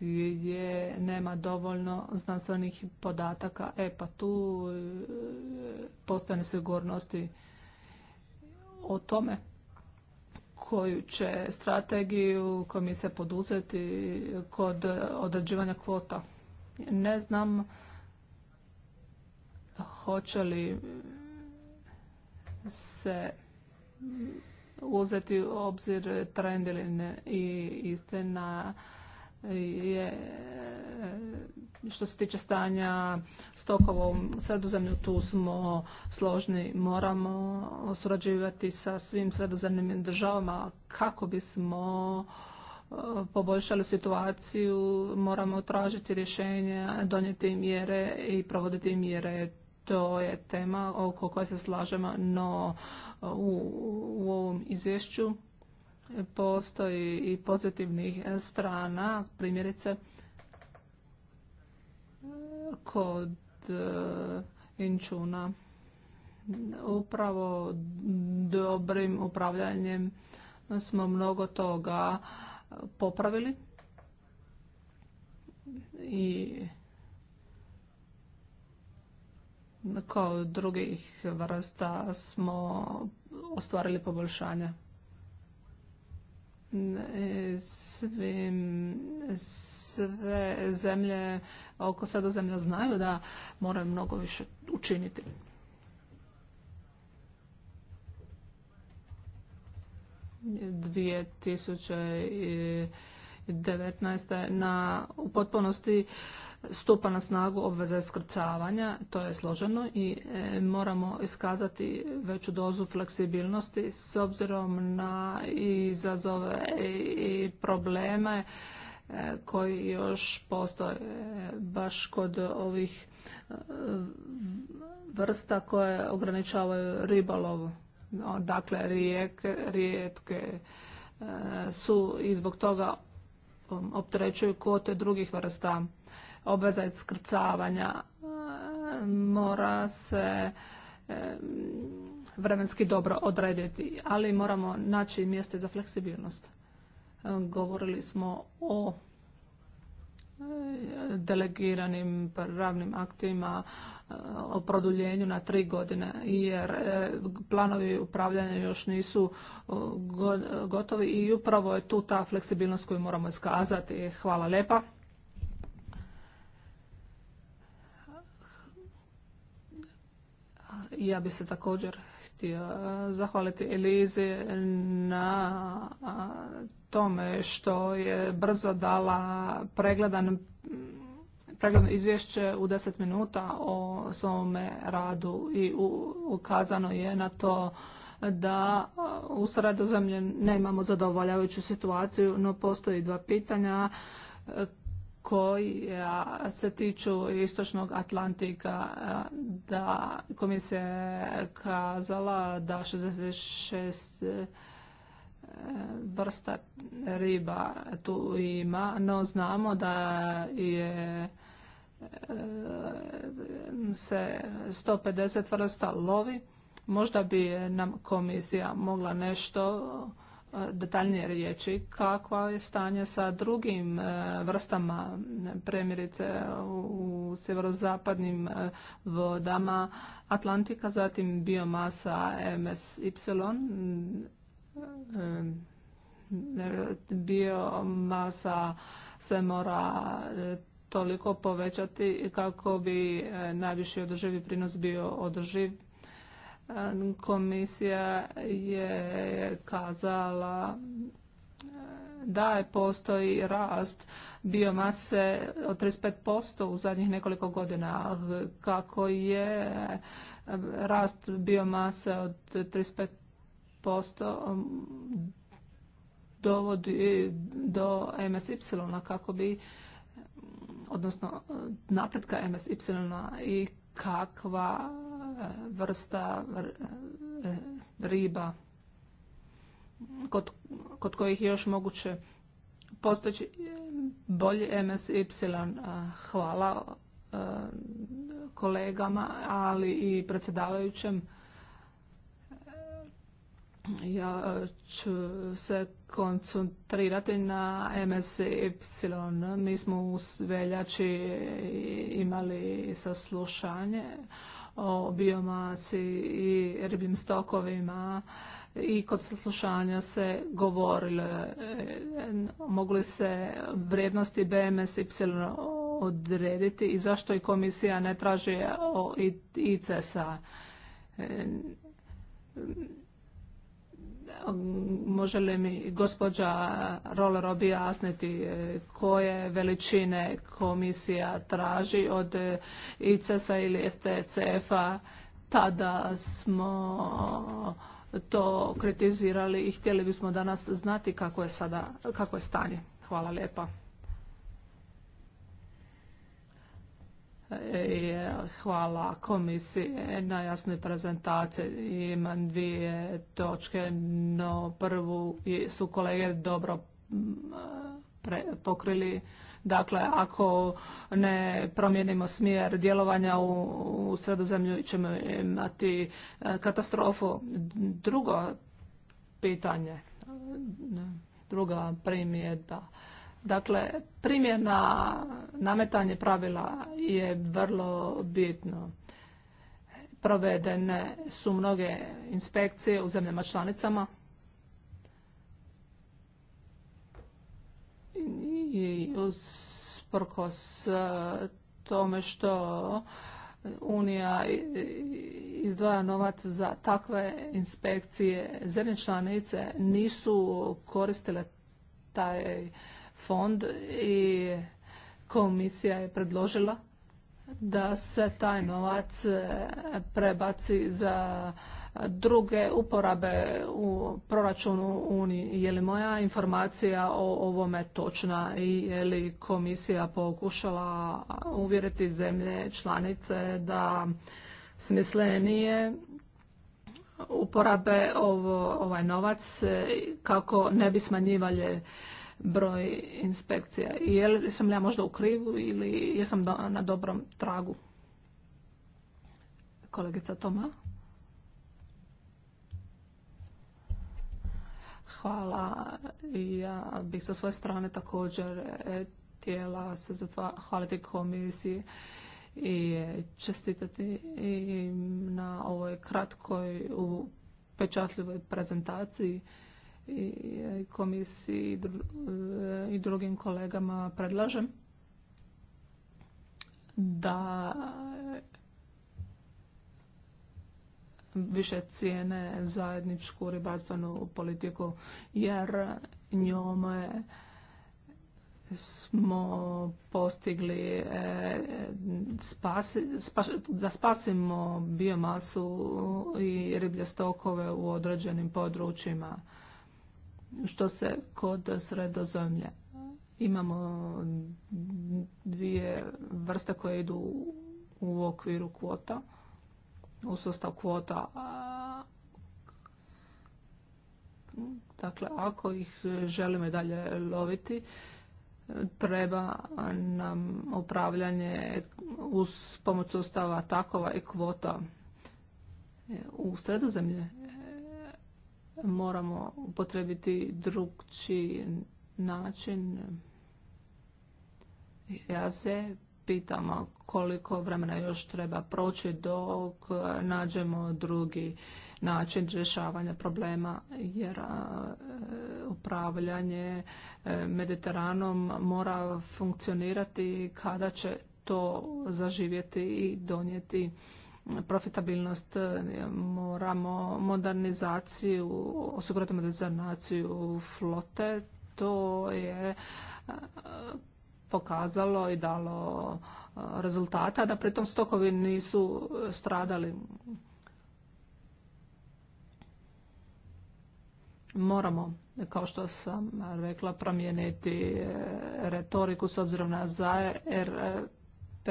gdje nema dovoljno znanstvenih podataka. E pa tu e, postoje sigurnosti o tome koju će strategiju se poduzeti kod određivanja kvota. Ne znam hoće li se uzeti u obzir trend ili ne i istina je što se tiče stanja stokova u sredozemlju, tu smo složni, moramo surađivati sa svim sredozemnim državama kako bismo e, poboljšali situaciju, moramo tražiti rješenja, donijeti mjere i provoditi mjere. To je tema oko koje se slažemo, no u ovom izvješću postoji i pozitivnih strana, primjerice kod eh, Inčuna. Upravo dobrim upravljanjem smo mnogo toga popravili i kao drugih vrsta smo ostvarili poboljšanja. E, svim, sve zemlje oko zemlja znaju da moraju mnogo više učiniti. Dvije tisuće 2019. na u potpunosti stupa na snagu obveze skrcavanja, to je složeno i e, moramo iskazati veću dozu fleksibilnosti s obzirom na izazove i probleme e, koji još postoje e, baš kod ovih vrsta koje ograničavaju ribolov. Dakle, rijeke, rijetke su i zbog toga opterećuju kvote drugih vrsta obveza iskrcavanja e, mora se e, vremenski dobro odrediti, ali moramo naći mjeste za fleksibilnost. E, govorili smo o delegiranim pravnim aktima o produljenju na tri godine jer planovi upravljanja još nisu gotovi i upravo je tu ta fleksibilnost koju moramo iskazati. Hvala lepa. ja bi se također htio e, zahvaliti Elizi na tome što je brzo dala pregledan pregledno izvješće u 10 minuta o svome radu i ukazano je na to da u sredozemlju nemamo zadovoljavajuću situaciju, no postoji dva pitanja e, koji se tiču Istočnog Atlantika da komisija je kazala da 66 e, vrsta riba tu ima, no znamo da je e, se 150 vrsta lovi. Možda bi nam komisija mogla nešto detaljnije riječi kakva je stanje sa drugim e, vrstama premjerice u sjeverozapadnim e, vodama Atlantika, zatim biomasa MSY, e, biomasa se mora toliko povećati kako bi najviši održivi prinos bio održiv Komisija je kazala da je postoji rast biomase od 35% u zadnjih nekoliko godina. Kako je rast biomase od 35% dovodi do MSY kako bi odnosno napretka MSY i kakva vrsta e, riba kod, kojih je još moguće postojeći e, bolji MSY. Hvala e, kolegama, ali i predsjedavajućem. Ja ću se koncentrirati na MSY. Mi smo u veljači imali saslušanje o biomasi i ribim stokovima i kod saslušanja se govorilo e, mogli se vrijednosti BMS Y odrediti i zašto i komisija ne traži i CESA. E, može li mi gospođa Roller objasniti e, koje veličine komisija traži od e, ICES-a ili STCF-a? Tada smo to kritizirali i htjeli bismo danas znati kako je sada, kako je stanje. Hvala lijepa. Hvala komisiji na jasnoj prezentaciji. Imam dvije točke, no prvu su kolege dobro mm, pokrili. Dakle, ako ne promijenimo smjer djelovanja u, u sredozemlju ćemo imati e, katastrofu. Drugo pitanje, e, druga primjedba Dakle, primjena nametanje pravila je vrlo bitno. Provedene su mnoge inspekcije u zemljama članicama. I s e, tome što Unija izdvaja novac za takve inspekcije, zemlje članice nisu koristile taj fond i komisija je predložila da se taj novac e, prebaci za druge uporabe u proračunu Unije. Je li moja informacija o ovome točna i je li komisija pokušala uvjeriti zemlje članice da smislenije uporabe ovaj novac e, kako ne bi smanjivali broj inspekcija. I li sam ja možda u krivu ili jesam na dobrom tragu? Kolegica Toma. Hvala. Ja bih sa svoje strane također e, tijela se zahvaliti komisiji i e, čestitati na ovoj kratkoj upečatljivoj prezentaciji i komisiji i drugim kolegama predlažem da više cijene zajedničku ribarstvenu politiku jer njome smo postigli e, da spasimo biomasu i riblje stokove u određenim područjima što se kod sredozemlja. Imamo dvije vrste koje idu u okviru kvota, u sustav kvota. Dakle, ako ih želimo dalje loviti, treba nam upravljanje uz pomoć sustava takova i kvota u sredozemlje moramo upotrebiti drugčiji način. Ja se pitam koliko vremena još treba proći dok nađemo drugi način rješavanja problema jer upravljanje e, Mediteranom mora funkcionirati kada će to zaživjeti i donijeti profitabilnost, moramo modernizaciju, osigurati modernizaciju flote. To je e, pokazalo i dalo e, rezultata, da pritom stokovi nisu stradali. Moramo, kao što sam rekla, promijeniti e, retoriku s obzirom na RP,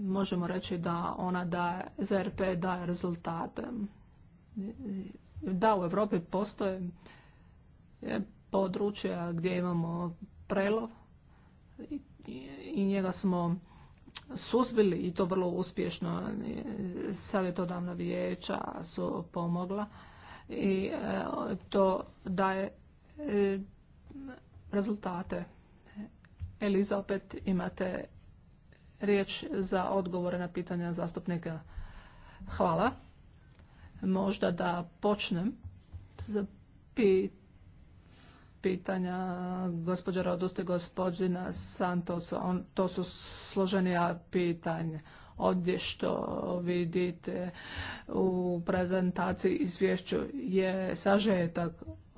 možemo reći da ona daje, ZRP daje rezultate. Da, u Europi postoje područja gdje imamo prelov i njega smo suzbili i to vrlo uspješno. Savjetodavna vijeća su pomogla i e, to daje e, rezultate. Eliza, opet imate riječ za odgovore na pitanja zastupnika. Hvala. Možda da počnem pitanja gospođa Rodust i gospođina Santos. to su složenija pitanja. Ovdje što vidite u prezentaciji izvješću je sažetak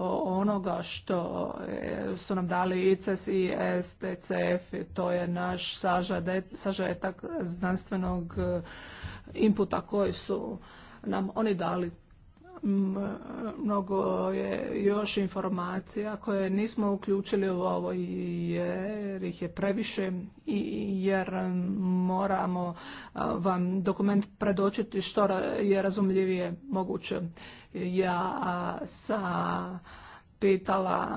onoga što e, su nam dali ICES i STCF. To je naš sažetak znanstvenog e, inputa koji su nam oni dali mnogo je još informacija koje nismo uključili u ovo jer ih je previše i jer moramo vam dokument predočiti što je razumljivije moguće. Ja sam pitala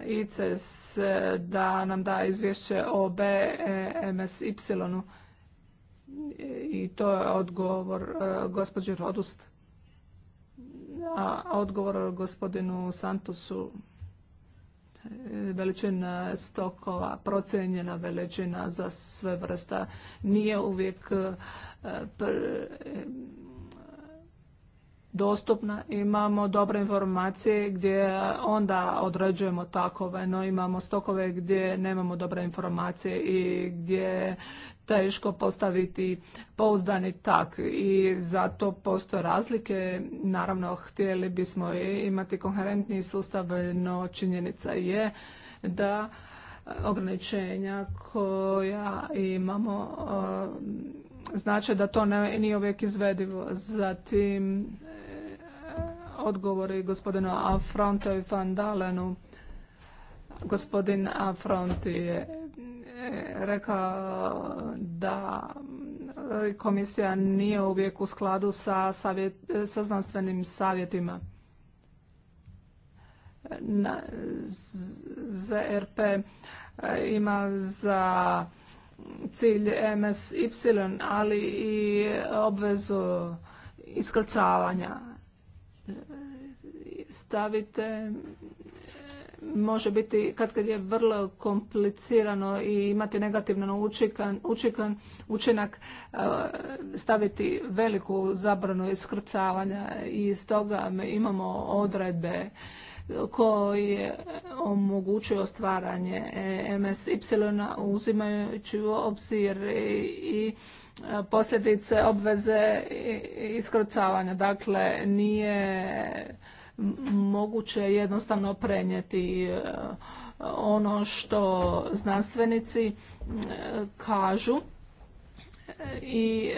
e, ICES da nam da izvješće o BMSY e i to je odgovor e, gospođe Rodust. A odgovor gospodinu Santosu veličina stokova, procijenjena veličina za sve vrsta nije uvijek e, dostupna, imamo dobre informacije gdje onda određujemo takove, no imamo stokove gdje nemamo dobre informacije i gdje teško postaviti pouzdani tak i zato postoje razlike. Naravno, htjeli bismo imati koherentni sustav, no činjenica je da ograničenja koja imamo znači da to nije uvijek izvedivo. Zatim odgovori gospodinu Afronto i Van Dalenu. Gospodin Afronti je eh, rekao da eh, komisija nije uvijek u skladu sa, savjet, eh, sa znanstvenim savjetima. Na, ZRP ima za cilj MSY, ali i obvezu iskrcavanja stavite može biti kad kad je vrlo komplicirano i imati negativno učikan, učikan, učinak e, staviti veliku zabranu iskrcavanja i stoga imamo odredbe koji omogućuje ostvaranje e, MSY uzimajući u obzir i e, posljedice obveze iskrcavanja. Dakle, nije moguće jednostavno prenijeti e, ono što znanstvenici kažu i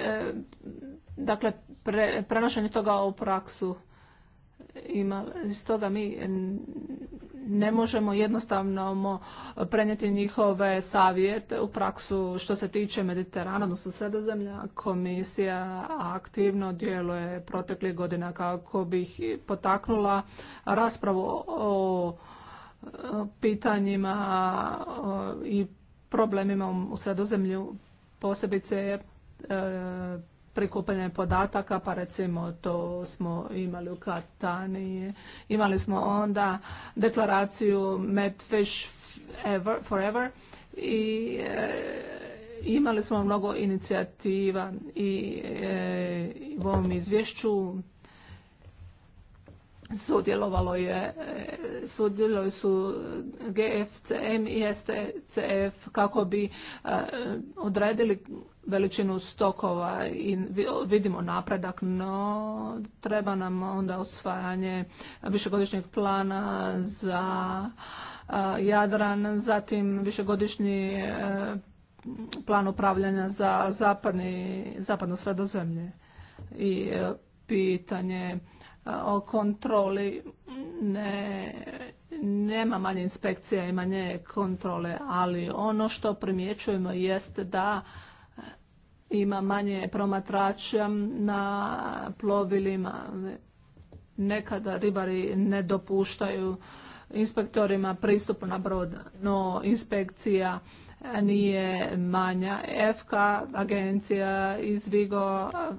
dakle prenošenje toga u praksu ima, stoga mi ne možemo jednostavno prenijeti njihove savjete u praksu što se tiče Mediterana, odnosno sredozemlja. Komisija aktivno djeluje proteklih godina kako bih potaknula raspravu o pitanjima i problemima u sredozemlju, posebice e, prikupljanje podataka, pa recimo to smo imali u Kataniji. Imali smo onda deklaraciju Medfish ever, Forever i e, imali smo mnogo inicijativa i e, u ovom izvješću sudjelovalo je e, sudjelovali su GFCM i STCF kako bi odredili veličinu stokova i vidimo napredak, no treba nam onda osvajanje višegodišnjeg plana za Jadran, zatim višegodišnji e, plan upravljanja za zapadno sredozemlje i e, pitanje e, o kontroli ne, nema manje inspekcija i manje kontrole, ali ono što primjećujemo jest da ima manje promatrača na plovilima. Nekada ribari ne dopuštaju inspektorima pristupu na brod, no inspekcija nije manja. FK agencija iz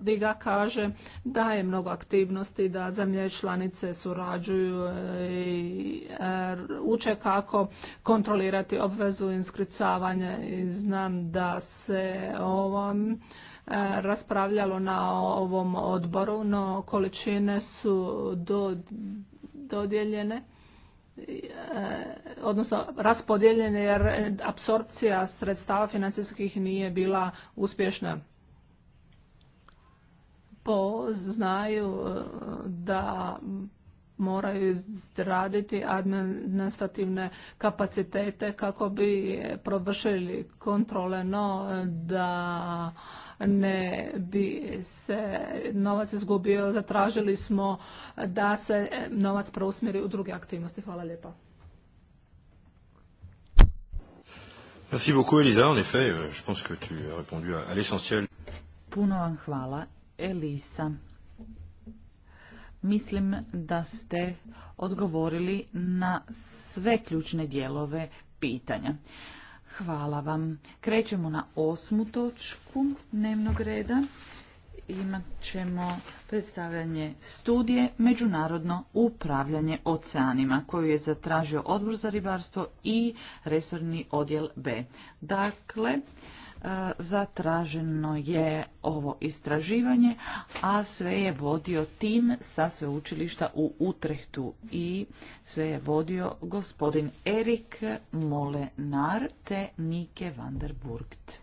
Viga kaže da je mnogo aktivnosti, da zemlje članice surađuju e, i e, uče kako kontrolirati obvezu inskricavanja i znam da se ovom e, raspravljalo na ovom odboru, no količine su dodjeljene. Eh, odnosno raspodijeljene jer apsorpcija sredstava financijskih nije bila uspješna. Po znaju eh, da moraju izraditi administrativne kapacitete kako bi provršili kontrole, no da ne bi se novac izgubio. Zatražili smo da se novac preusmjeri u druge aktivnosti. Hvala lijepa. Merci beaucoup Elisa, en effet, euh, je pense que tu as répondu à l'essentiel. Puno vam hvala Elisa. Mislim da ste odgovorili na sve ključne dijelove pitanja. Hvala vam. Krećemo na osmu točku dnevnog reda. Imat ćemo predstavljanje studije Međunarodno upravljanje oceanima koju je zatražio odbor za ribarstvo i resorni odjel B. Dakle, E, zatraženo je ovo istraživanje, a sve je vodio tim sa sveučilišta u Utrehtu i sve je vodio gospodin Erik Molenar te Nike van der Burgt.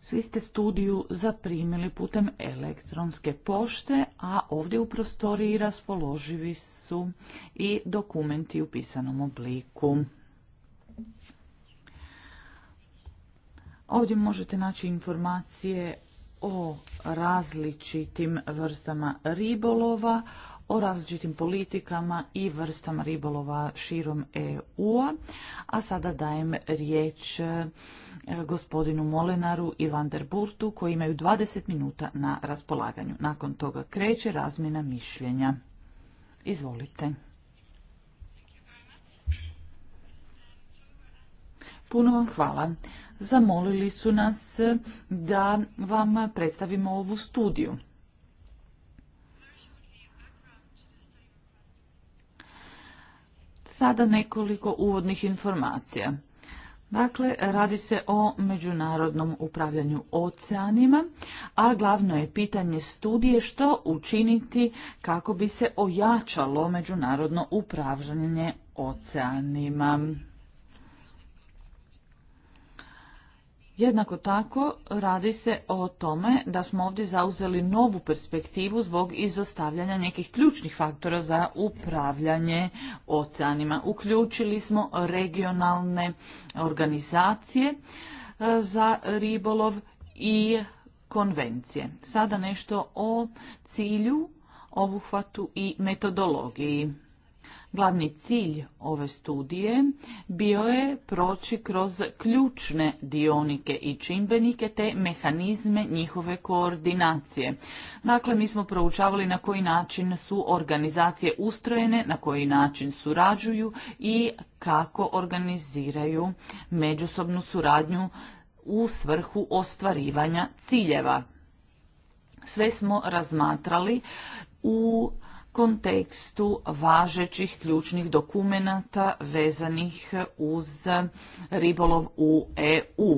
Svi ste studiju zaprimili putem elektronske pošte, a ovdje u prostoriji raspoloživi su i dokumenti u pisanom obliku. Ovdje možete naći informacije o različitim vrstama ribolova, o različitim politikama i vrstama ribolova širom EU-a. A sada dajem riječ e, gospodinu Molenaru i Van der Burtu koji imaju 20 minuta na raspolaganju. Nakon toga kreće razmjena mišljenja. Izvolite. Puno vam hvala zamolili su nas e, da vam predstavimo ovu studiju. Sada nekoliko uvodnih informacija. Dakle, radi se o međunarodnom upravljanju oceanima, a glavno je pitanje studije što učiniti kako bi se ojačalo međunarodno upravljanje oceanima. Jednako tako radi se o tome da smo ovdje zauzeli novu perspektivu zbog izostavljanja nekih ključnih faktora za upravljanje oceanima. Uključili smo regionalne organizacije e, za ribolov i konvencije. Sada nešto o cilju, obuhvatu i metodologiji. Glavni cilj ove studije bio je proći kroz ključne dionike i čimbenike te mehanizme njihove koordinacije. Dakle, mi smo proučavali na koji način su organizacije ustrojene, na koji način surađuju i kako organiziraju međusobnu suradnju u svrhu ostvarivanja ciljeva. Sve smo razmatrali u kontekstu važećih ključnih dokumenata vezanih uz ribolov u EU.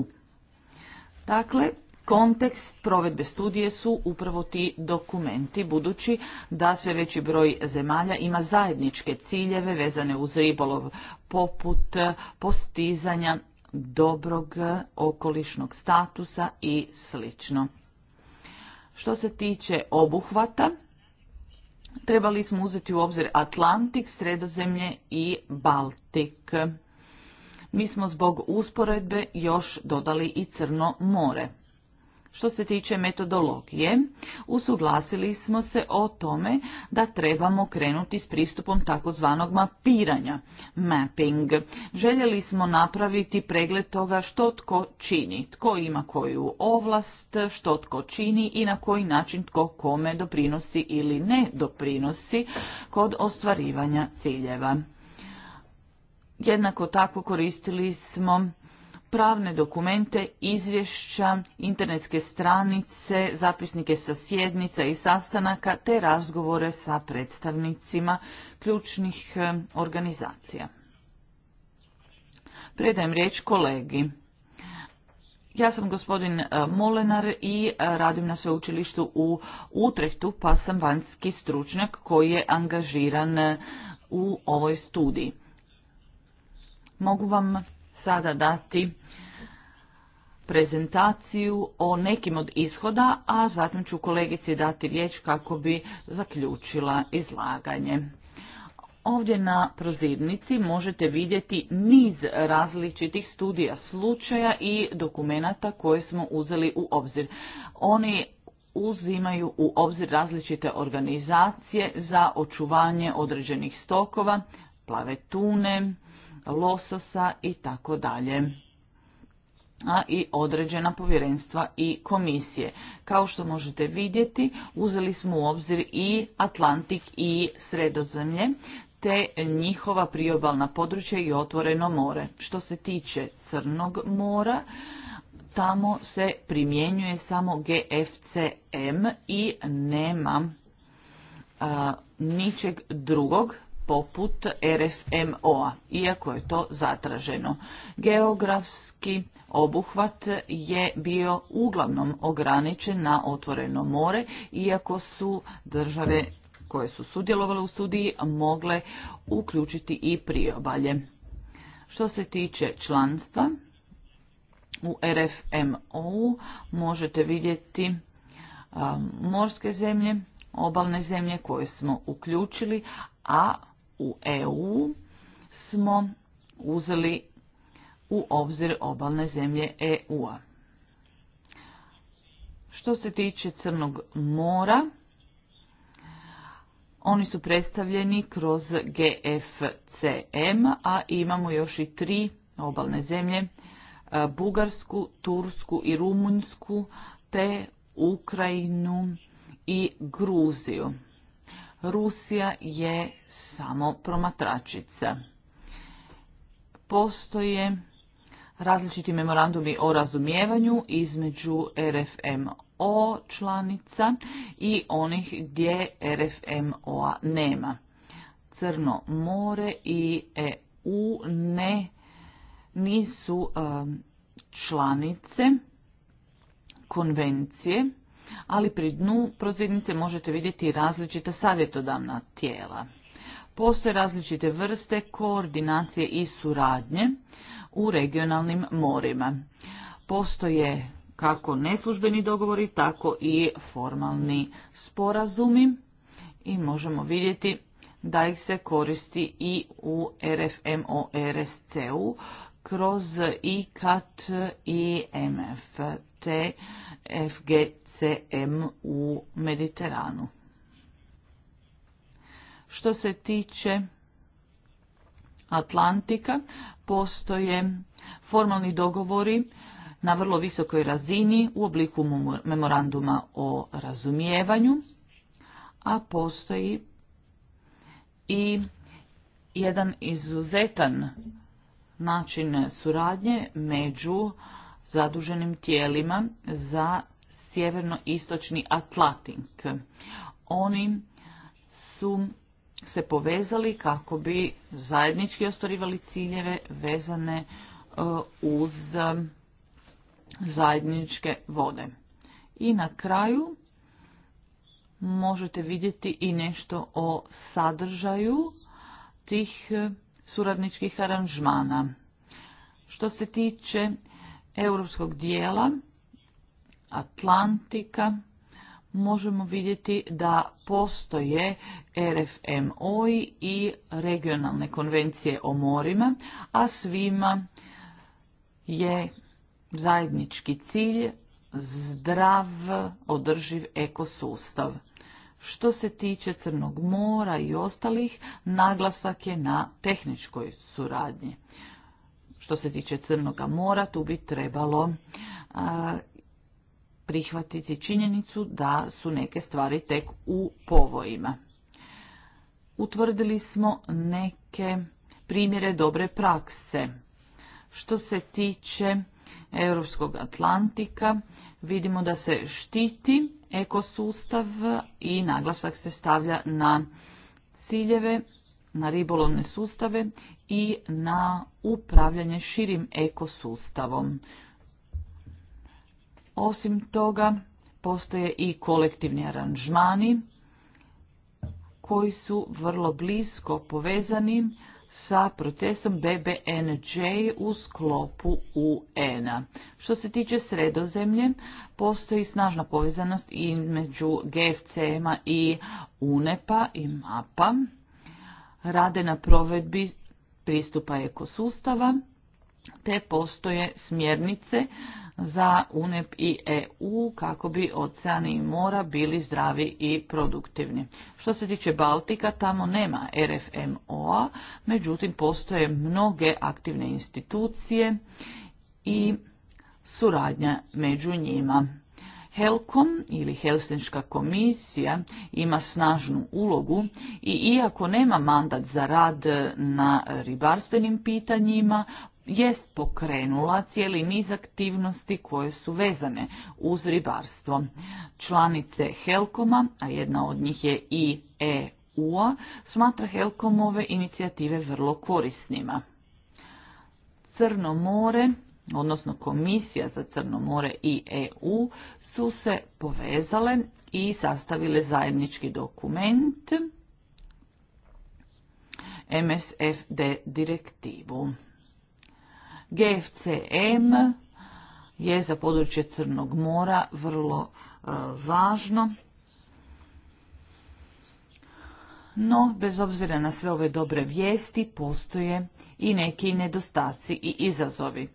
Dakle, kontekst provedbe studije su upravo ti dokumenti, budući da sve veći broj zemalja ima zajedničke ciljeve vezane uz ribolov, poput postizanja dobrog okolišnog statusa i slično. Što se tiče obuhvata, trebali smo uzeti u obzir Atlantik, Sredozemlje i Baltik. Mi smo zbog usporedbe još dodali i Crno more. Što se tiče metodologije, usuglasili smo se o tome da trebamo krenuti s pristupom takozvanog mapiranja, mapping. Željeli smo napraviti pregled toga što tko čini, tko ima koju ovlast, što tko čini i na koji način tko kome doprinosi ili ne doprinosi kod ostvarivanja ciljeva. Jednako tako koristili smo pravne dokumente, izvješća, internetske stranice, zapisnike sa sjednica i sastanaka te razgovore sa predstavnicima ključnih organizacija. Predajem riječ kolegi. Ja sam gospodin e, Molenar i e, radim na sveučilištu u Utrehtu, pa sam vanjski stručnjak koji je angažiran e, u ovoj studiji. Mogu vam sada dati prezentaciju o nekim od ishoda, a zatim ću kolegici dati riječ kako bi zaključila izlaganje. Ovdje na prozirnici možete vidjeti niz različitih studija slučaja i dokumenata koje smo uzeli u obzir. Oni uzimaju u obzir različite organizacije za očuvanje određenih stokova, plave tune, lososa i tako dalje a i određena povjerenstva i komisije. Kao što možete vidjeti, uzeli smo u obzir i Atlantik i Sredozemlje, te njihova priobalna područja i otvoreno more. Što se tiče Crnog mora, tamo se primjenjuje samo GFCM i nema ničeg drugog poput RFMO-a, iako je to zatraženo. Geografski obuhvat je bio uglavnom ograničen na otvoreno more, iako su države koje su sudjelovali u studiji mogle uključiti i priobalje. Što se tiče članstva, u RFMO možete vidjeti morske zemlje, obalne zemlje koje smo uključili, a u EU smo uzeli u obzir obalne zemlje EU-a. Što se tiče Crnog mora, oni su predstavljeni kroz GFCM, a imamo još i tri obalne zemlje, e, Bugarsku, Tursku i Rumunjsku, te Ukrajinu i Gruziju. Rusija je samo promatračica. Postoje različiti memorandumi o razumijevanju između RFMO članica i onih gdje RFMO-a nema. Crno more i EU ne nisu um, članice konvencije ali pri dnu prozirnice možete vidjeti različita savjetodavna tijela. Postoje različite vrste koordinacije i suradnje u regionalnim morima. Postoje kako neslužbeni dogovori, tako i formalni sporazumi i možemo vidjeti da ih se koristi i u RFMORSC-u kroz ICAT i MF te FGCM u Mediteranu. Što se tiče Atlantika, postoje formalni dogovori na vrlo visokoj razini u obliku memoranduma o razumijevanju, a postoji i jedan izuzetan način suradnje među zaduženim tijelima za sjeverno-istočni Atlantik. Oni su se povezali kako bi zajednički ostvarivali ciljeve vezane e, uz zajedničke vode. I na kraju možete vidjeti i nešto o sadržaju tih suradničkih aranžmana. Što se tiče europskog dijela, Atlantika, možemo vidjeti da postoje RFMO-i i regionalne konvencije o morima, a svima je zajednički cilj zdrav, održiv ekosustav. Što se tiče Crnog mora i ostalih, naglasak je na tehničkoj suradnji. Što se tiče Crnog mora, tu bi trebalo prihvatiti činjenicu da su neke stvari tek u povojima. Utvrdili smo neke primjere dobre prakse. Što se tiče Europskog Atlantika, vidimo da se štiti ekosustav i naglasak se stavlja na ciljeve, na ribolovne sustave i na upravljanje širim ekosustavom. Osim toga, postoje i kolektivni aranžmani koji su vrlo blisko povezani sa procesom BBNJ u sklopu UN-a. Što se tiče sredozemlje, postoji snažna povezanost između GFCM-a i UNEP-a i MAP-a. Rade na provedbi pristupa ekosustava, te postoje smjernice za UNEP i EU kako bi oceani i mora bili zdravi i produktivni. Što se tiče Baltika, tamo nema RFMO-a, međutim postoje mnoge aktivne institucije i suradnja među njima. HELCOM ili Helsinška komisija ima snažnu ulogu i iako nema mandat za rad na ribarstvenim pitanjima, jest pokrenula cijeli niz aktivnosti koje su vezane uz ribarstvo. Članice Helkoma, a jedna od njih je i EU-a, smatra Helkomove inicijative vrlo korisnima. Crno more, odnosno Komisija za Crno more i EU, su se povezale i sastavile zajednički dokument MSFD direktivu. GFCM je za područje Crnog mora vrlo e, važno. No, bez obzira na sve ove dobre vijesti, postoje i neki nedostaci i izazovi.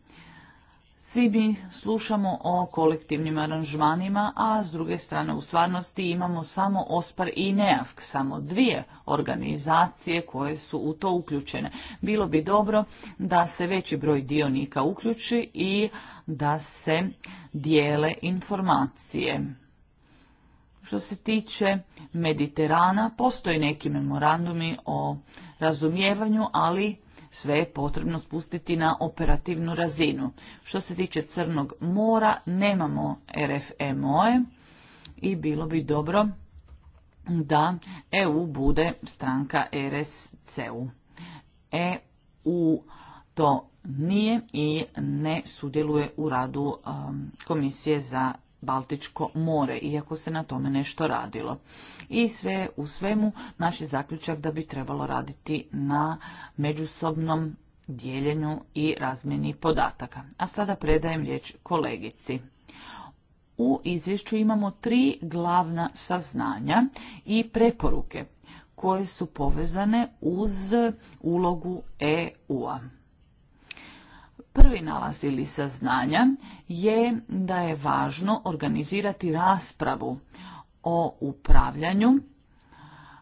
Svi mi slušamo o kolektivnim aranžmanima, a s druge strane u stvarnosti imamo samo OSPAR i NEAFK, samo dvije organizacije koje su u to uključene. Bilo bi dobro da se veći broj dionika uključi i da se dijele informacije. Što se tiče Mediterana, postoje neki memorandumi o razumijevanju, ali sve je potrebno spustiti na operativnu razinu. Što se tiče Crnog mora, nemamo RFMO-e i bilo bi dobro da EU bude stranka RSC-u. EU to nije i ne sudjeluje u radu um, Komisije za Baltičko more, iako se na tome nešto radilo. I sve u svemu naš je zaključak da bi trebalo raditi na međusobnom dijeljenju i razmjeni podataka. A sada predajem riječ kolegici. U izvješću imamo tri glavna saznanja i preporuke koje su povezane uz ulogu EU-a. Prvi nalaz ili saznanja je da je važno organizirati raspravu o upravljanju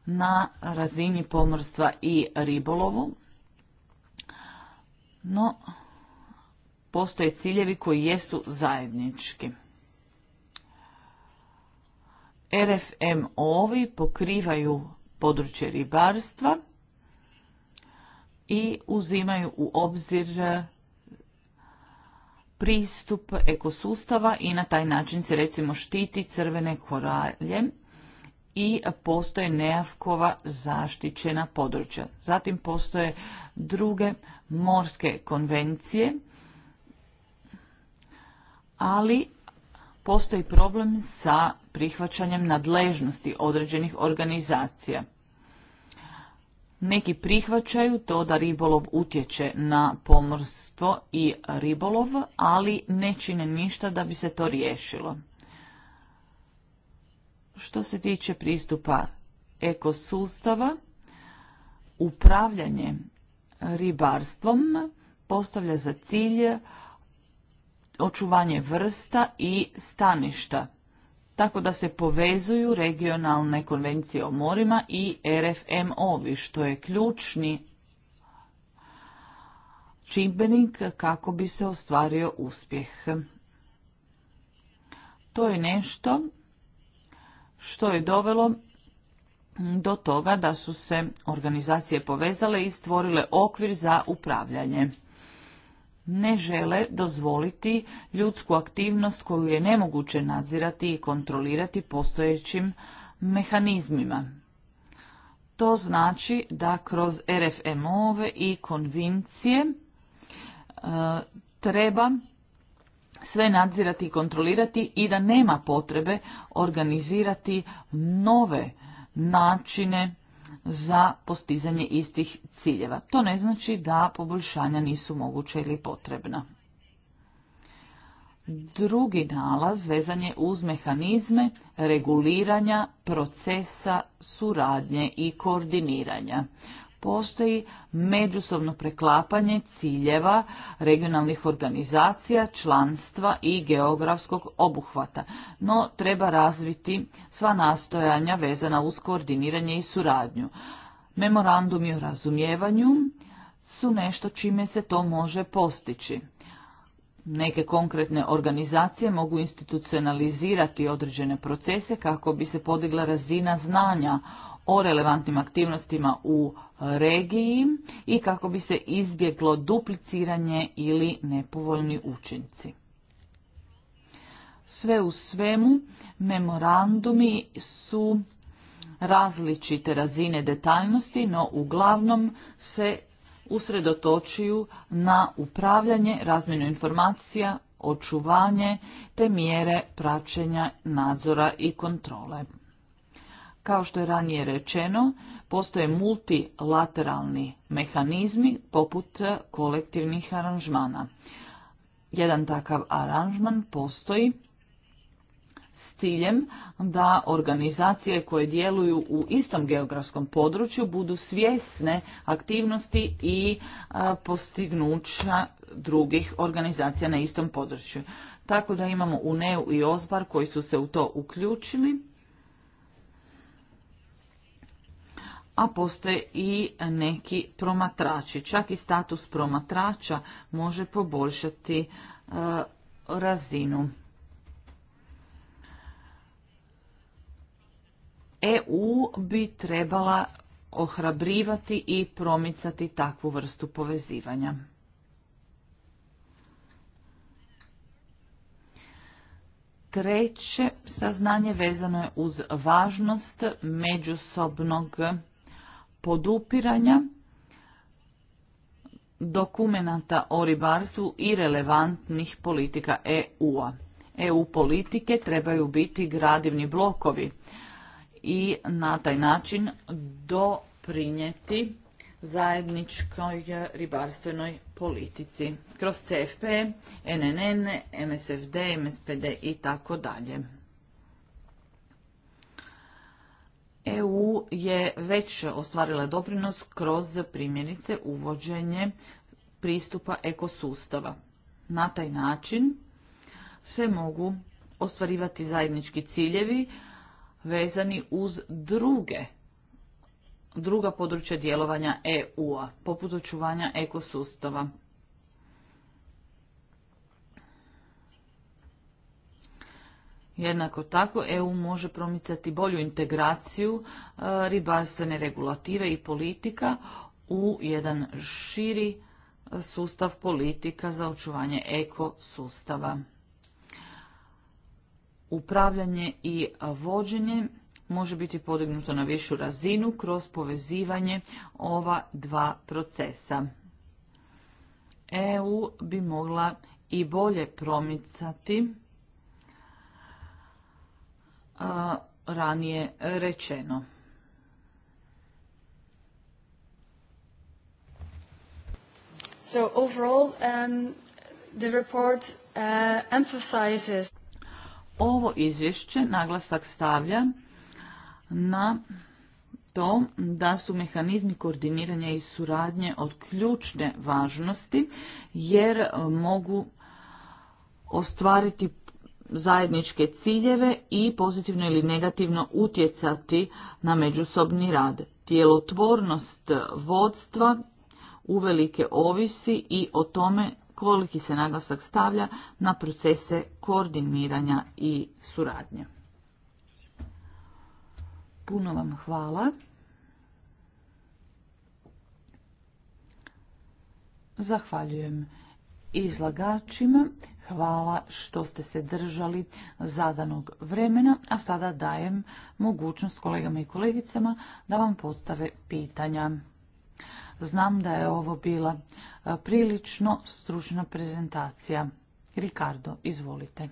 na razini pomorstva i ribolovu, no postoje ciljevi koji jesu zajednički. RFMO-ovi pokrivaju područje ribarstva i uzimaju u obzir pristup ekosustava i na taj način se recimo štiti crvene koralje i postoje neavkova zaštićena područja. Zatim postoje druge morske konvencije, ali postoji problem sa prihvaćanjem nadležnosti određenih organizacija. Neki prihvaćaju to da ribolov utječe na pomorstvo i ribolov, ali ne čine ništa da bi se to riješilo. Što se tiče pristupa ekosustava, upravljanje ribarstvom postavlja za cilj očuvanje vrsta i staništa tako da se povezuju regionalne konvencije o morima i RFMO-vi, što je ključni čimbenik kako bi se ostvario uspjeh. To je nešto što je dovelo do toga da su se organizacije povezale i stvorile okvir za upravljanje ne žele dozvoliti ljudsku aktivnost koju je nemoguće nadzirati i kontrolirati postojećim mehanizmima. To znači da kroz RFMO-ove i konvincije e, treba sve nadzirati i kontrolirati i da nema potrebe organizirati nove načine za postizanje istih ciljeva. To ne znači da poboljšanja nisu moguće ili potrebna. Drugi nalaz vezan je uz mehanizme reguliranja procesa suradnje i koordiniranja postoji međusobno preklapanje ciljeva regionalnih organizacija, članstva i geografskog obuhvata, no treba razviti sva nastojanja vezana uz koordiniranje i suradnju. Memorandumi i razumijevanju su nešto čime se to može postići. Neke konkretne organizacije mogu institucionalizirati određene procese kako bi se podigla razina znanja o relevantnim aktivnostima u regiji i kako bi se izbjeglo dupliciranje ili nepovoljni učinci. Sve u svemu, memorandumi su različite razine detaljnosti, no uglavnom se usredotočuju na upravljanje, razmjenu informacija, očuvanje te mjere praćenja, nadzora i kontrole. Kao što je ranije rečeno, postoje multilateralni mehanizmi poput e, kolektivnih aranžmana. Jedan takav aranžman postoji s ciljem da organizacije koje djeluju u istom geografskom području budu svjesne aktivnosti i e, postignuća drugih organizacija na istom području. Tako da imamo UNEU i OZBAR koji su se u to uključili a postoje i neki promatrači. Čak i status promatrača može poboljšati e, razinu. EU bi trebala ohrabrivati i promicati takvu vrstu povezivanja. Treće saznanje vezano je uz važnost međusobnog podupiranja dokumenata o ribarstvu i relevantnih politika EU-a. EU politike trebaju biti gradivni blokovi i na taj način doprinjeti zajedničkoj ribarstvenoj politici kroz CFP, NNN, MSFD, MSPD i tako dalje. EU je već ostvarila doprinos kroz primjerice uvođenje pristupa ekosustava. Na taj način se mogu ostvarivati zajednički ciljevi vezani uz druge druga područja djelovanja EU-a, poput očuvanja ekosustava. Jednako tako EU može promicati bolju integraciju e, ribarstvene regulative i politika u jedan širi e, sustav politika za očuvanje ekosustava. Upravljanje i vođenje može biti podignuto na višu razinu kroz povezivanje ova dva procesa. EU bi mogla i bolje promicati ranije rečeno. So overall, um, the report uh, emphasizes... Ovo izvješće naglasak stavlja na to da su mehanizmi koordiniranja i suradnje od ključne važnosti jer mogu ostvariti zajedničke ciljeve i pozitivno ili negativno utjecati na međusobni rad. Tijelotvornost vodstva uvelike ovisi i o tome koliki se naglasak stavlja na procese koordiniranja i suradnje. Puno vam hvala. Zahvaljujem izlagačima. Hvala što ste se držali zadanog vremena, a sada dajem mogućnost kolegama i kolegicama da vam postave pitanja. Znam da je ovo bila e, prilično stručna prezentacija. Ricardo, izvolite.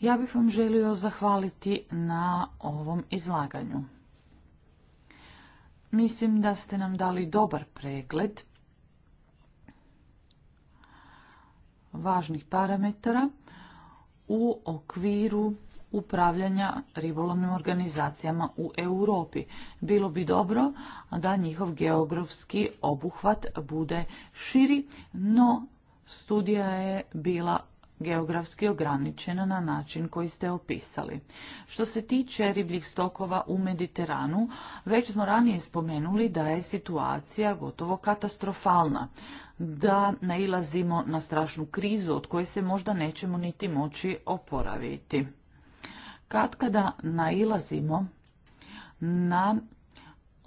Ja bih vam želio zahvaliti na ovom izlaganju. Mislim da ste nam dali dobar pregled važnih parametara u okviru upravljanja ribolovnim organizacijama u Europi. Bilo bi dobro da njihov geografski obuhvat bude širi, no studija je bila geografski ograničena na način koji ste opisali. Što se tiče ribljih stokova u Mediteranu, već smo ranije spomenuli da je situacija gotovo katastrofalna, da nailazimo na strašnu krizu od koje se možda nećemo niti moći oporaviti. Kad kada nailazimo na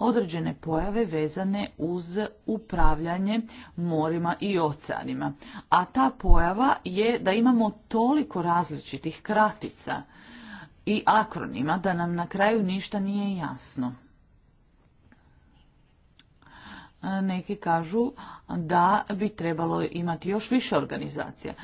određene pojave vezane uz upravljanje morima i oceanima. A ta pojava je da imamo toliko različitih kratica i akronima da nam na kraju ništa nije jasno. Neki kažu da bi trebalo imati još više organizacija.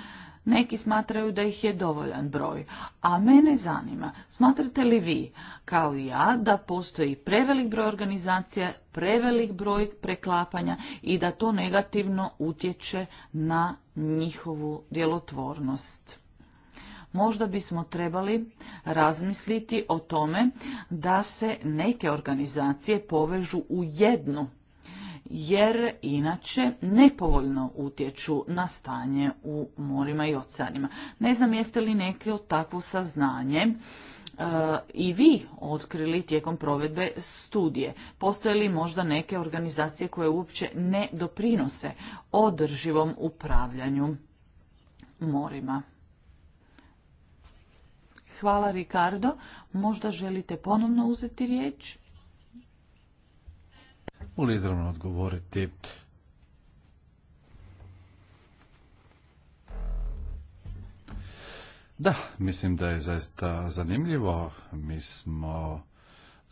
Neki smatraju da ih je dovoljan broj. A mene zanima, smatrate li vi, kao i ja, da postoji prevelik broj organizacija, prevelik broj preklapanja i da to negativno utječe na njihovu djelotvornost? možda bismo trebali razmisliti o tome da se neke organizacije povežu u jednu jer inače nepovoljno utječu na stanje u morima i oceanima. Ne znam jeste li neke od takvu saznanje e, i vi otkrili tijekom provedbe studije. Postoje li možda neke organizacije koje uopće ne doprinose održivom upravljanju morima? Hvala Ricardo. Možda želite ponovno uzeti riječ? Moli izravno odgovoriti. Da, mislim da je zaista zanimljivo. Mi smo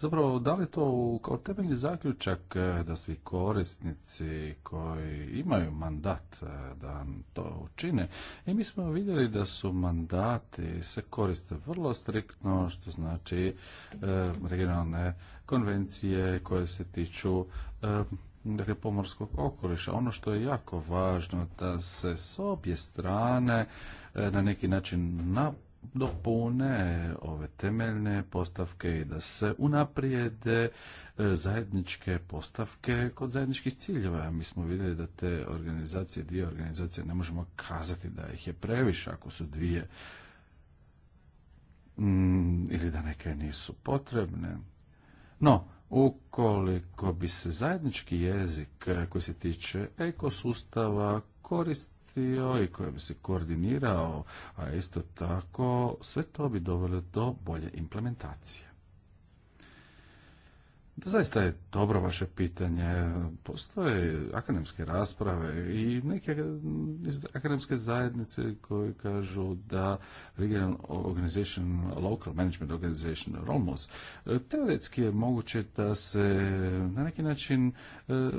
Zapravo, da li to kao temeljni zaključak e, da svi korisnici koji imaju mandat e, da to učine? I mi smo vidjeli da su mandati se koriste vrlo striktno, što znači e, regionalne konvencije koje se tiču dakle, pomorskog okoliša. Ono što je jako važno da se s obje strane na neki način na dopune ove temeljne postavke i da se unaprijede e, zajedničke postavke kod zajedničkih ciljeva. Mi smo vidjeli da te organizacije, dvije organizacije, ne možemo kazati da ih je previše ako su dvije mm, ili da neke nisu potrebne. No, ukoliko bi se zajednički jezik e, koji se tiče ekosustava korist i koje bi se koordinirao, a isto tako sve to bi dovelo do bolje implementacije. Da, pa zaista je dobro vaše pitanje. Postoje akademske rasprave i neke akademske zajednice koje kažu da Regional Organization, Local Management Organization, ROMOS, teoretski je moguće da se na neki način e,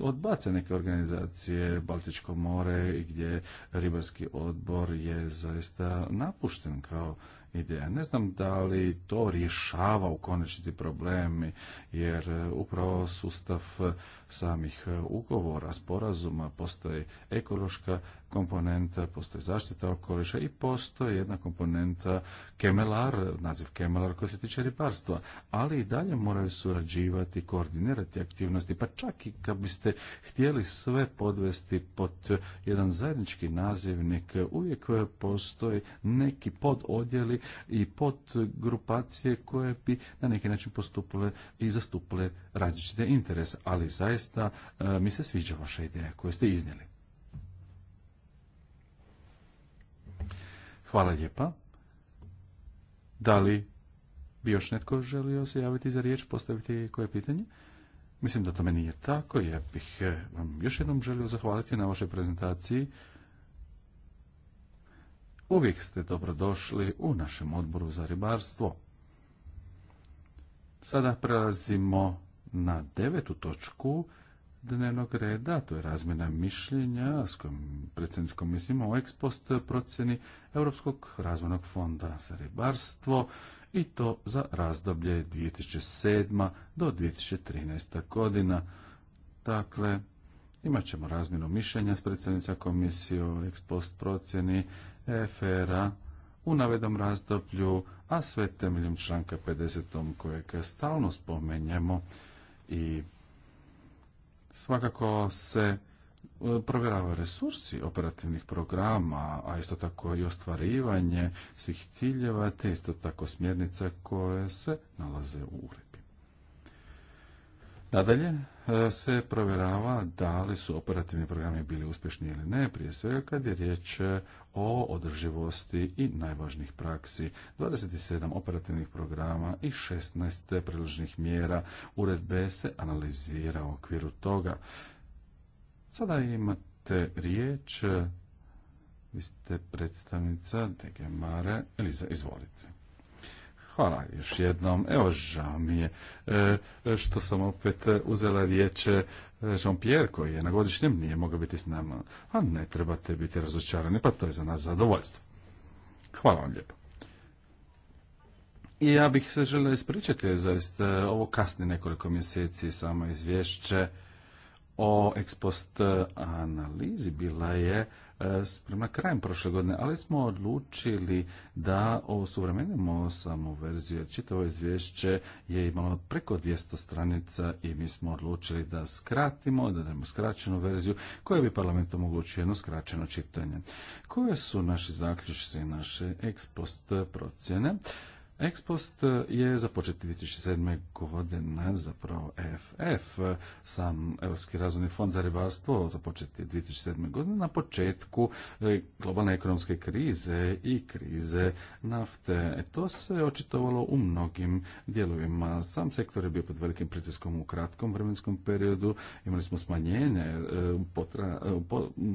odbace neke organizacije Baltičko more gdje ribarski odbor je zaista napušten kao ideja. Ne znam da li to rješava u konačnici problemi, jer e, upravo sustav e, samih e, ugovora, sporazuma postoji ekološka komponenta, postoji zaštita okoliša i postoji jedna komponenta Kemelar, naziv Kemelar koji se tiče ribarstva, ali i dalje moraju surađivati, koordinirati aktivnosti, pa čak i kad biste htjeli sve podvesti pod jedan zajednički nazivnik, uvijek postoji neki pododjeli i pod grupacije koje bi na neki način postupile i zastupile različite interese, ali zaista e, mi se sviđa vaša ideja koju ste iznijeli. Hvala lijepa. Da li bi još netko želio se javiti za riječ, postaviti koje pitanje? Mislim da to meni nije tako. Ja bih eh, vam još jednom želio zahvaliti na vašoj prezentaciji. Uvijek ste dobrodošli u našem odboru za ribarstvo. Sada prelazimo na devetu točku dnevnog reda, to je razmjena mišljenja s kojim predsjednik mislimo o eks post procjeni Europskog razvojnog fonda za ribarstvo i to za razdoblje 2007. do 2013. godina. Dakle, imat ćemo razmjenu mišljenja s predsjednica komisije o post procjeni EFR-a u navedom razdoblju, a sve temeljem članka 50. kojeg stalno spomenjemo i Svakako se e, provjeravaju resursi operativnih programa, a isto tako i ostvarivanje svih ciljeva, te isto tako smjernice koje se nalaze u uredbi. Nadalje, E, se provjerava da li su operativni programi bili uspješni ili ne, prije svega kad je riječ o održivosti i najvažnijih praksi. 27 operativnih programa i 16 predloženih mjera uredbe se analizira u okviru toga. Sada imate riječ, vi ste predstavnica DG Mare. Eliza, izvolite. Hvala još jednom. Evo, žao mi je e, što sam opet e, uzela riječ e, Jean-Pierre koji je na godišnjem nije mogao biti s nama. A ne trebate biti razočarani, pa to je za nas zadovoljstvo. Hvala vam lijepo. I ja bih se želio ispričati, zaista ovo kasni nekoliko mjeseci samo izvješće o ekspost e, analizi bila je e, prema krajem prošle godine, ali smo odlučili da osuvremenimo samo verziju, jer čitavo izvješće je imalo preko 200 stranica i mi smo odlučili da skratimo, da dajemo skraćenu verziju koja bi parlament omogućio jedno skraćeno čitanje. Koje su naši zaključci, naše ekspost procjene? Ekspost je započet 2007. godine, zapravo EFF, sam Europski razvojni fond za ribarstvo započet je 2007. godine na početku e, globalne ekonomske krize i krize nafte. E, to se očitovalo u mnogim dijelovima. Sam sektor je bio pod velikim pritiskom u kratkom vremenskom periodu. Imali smo smanjenje e,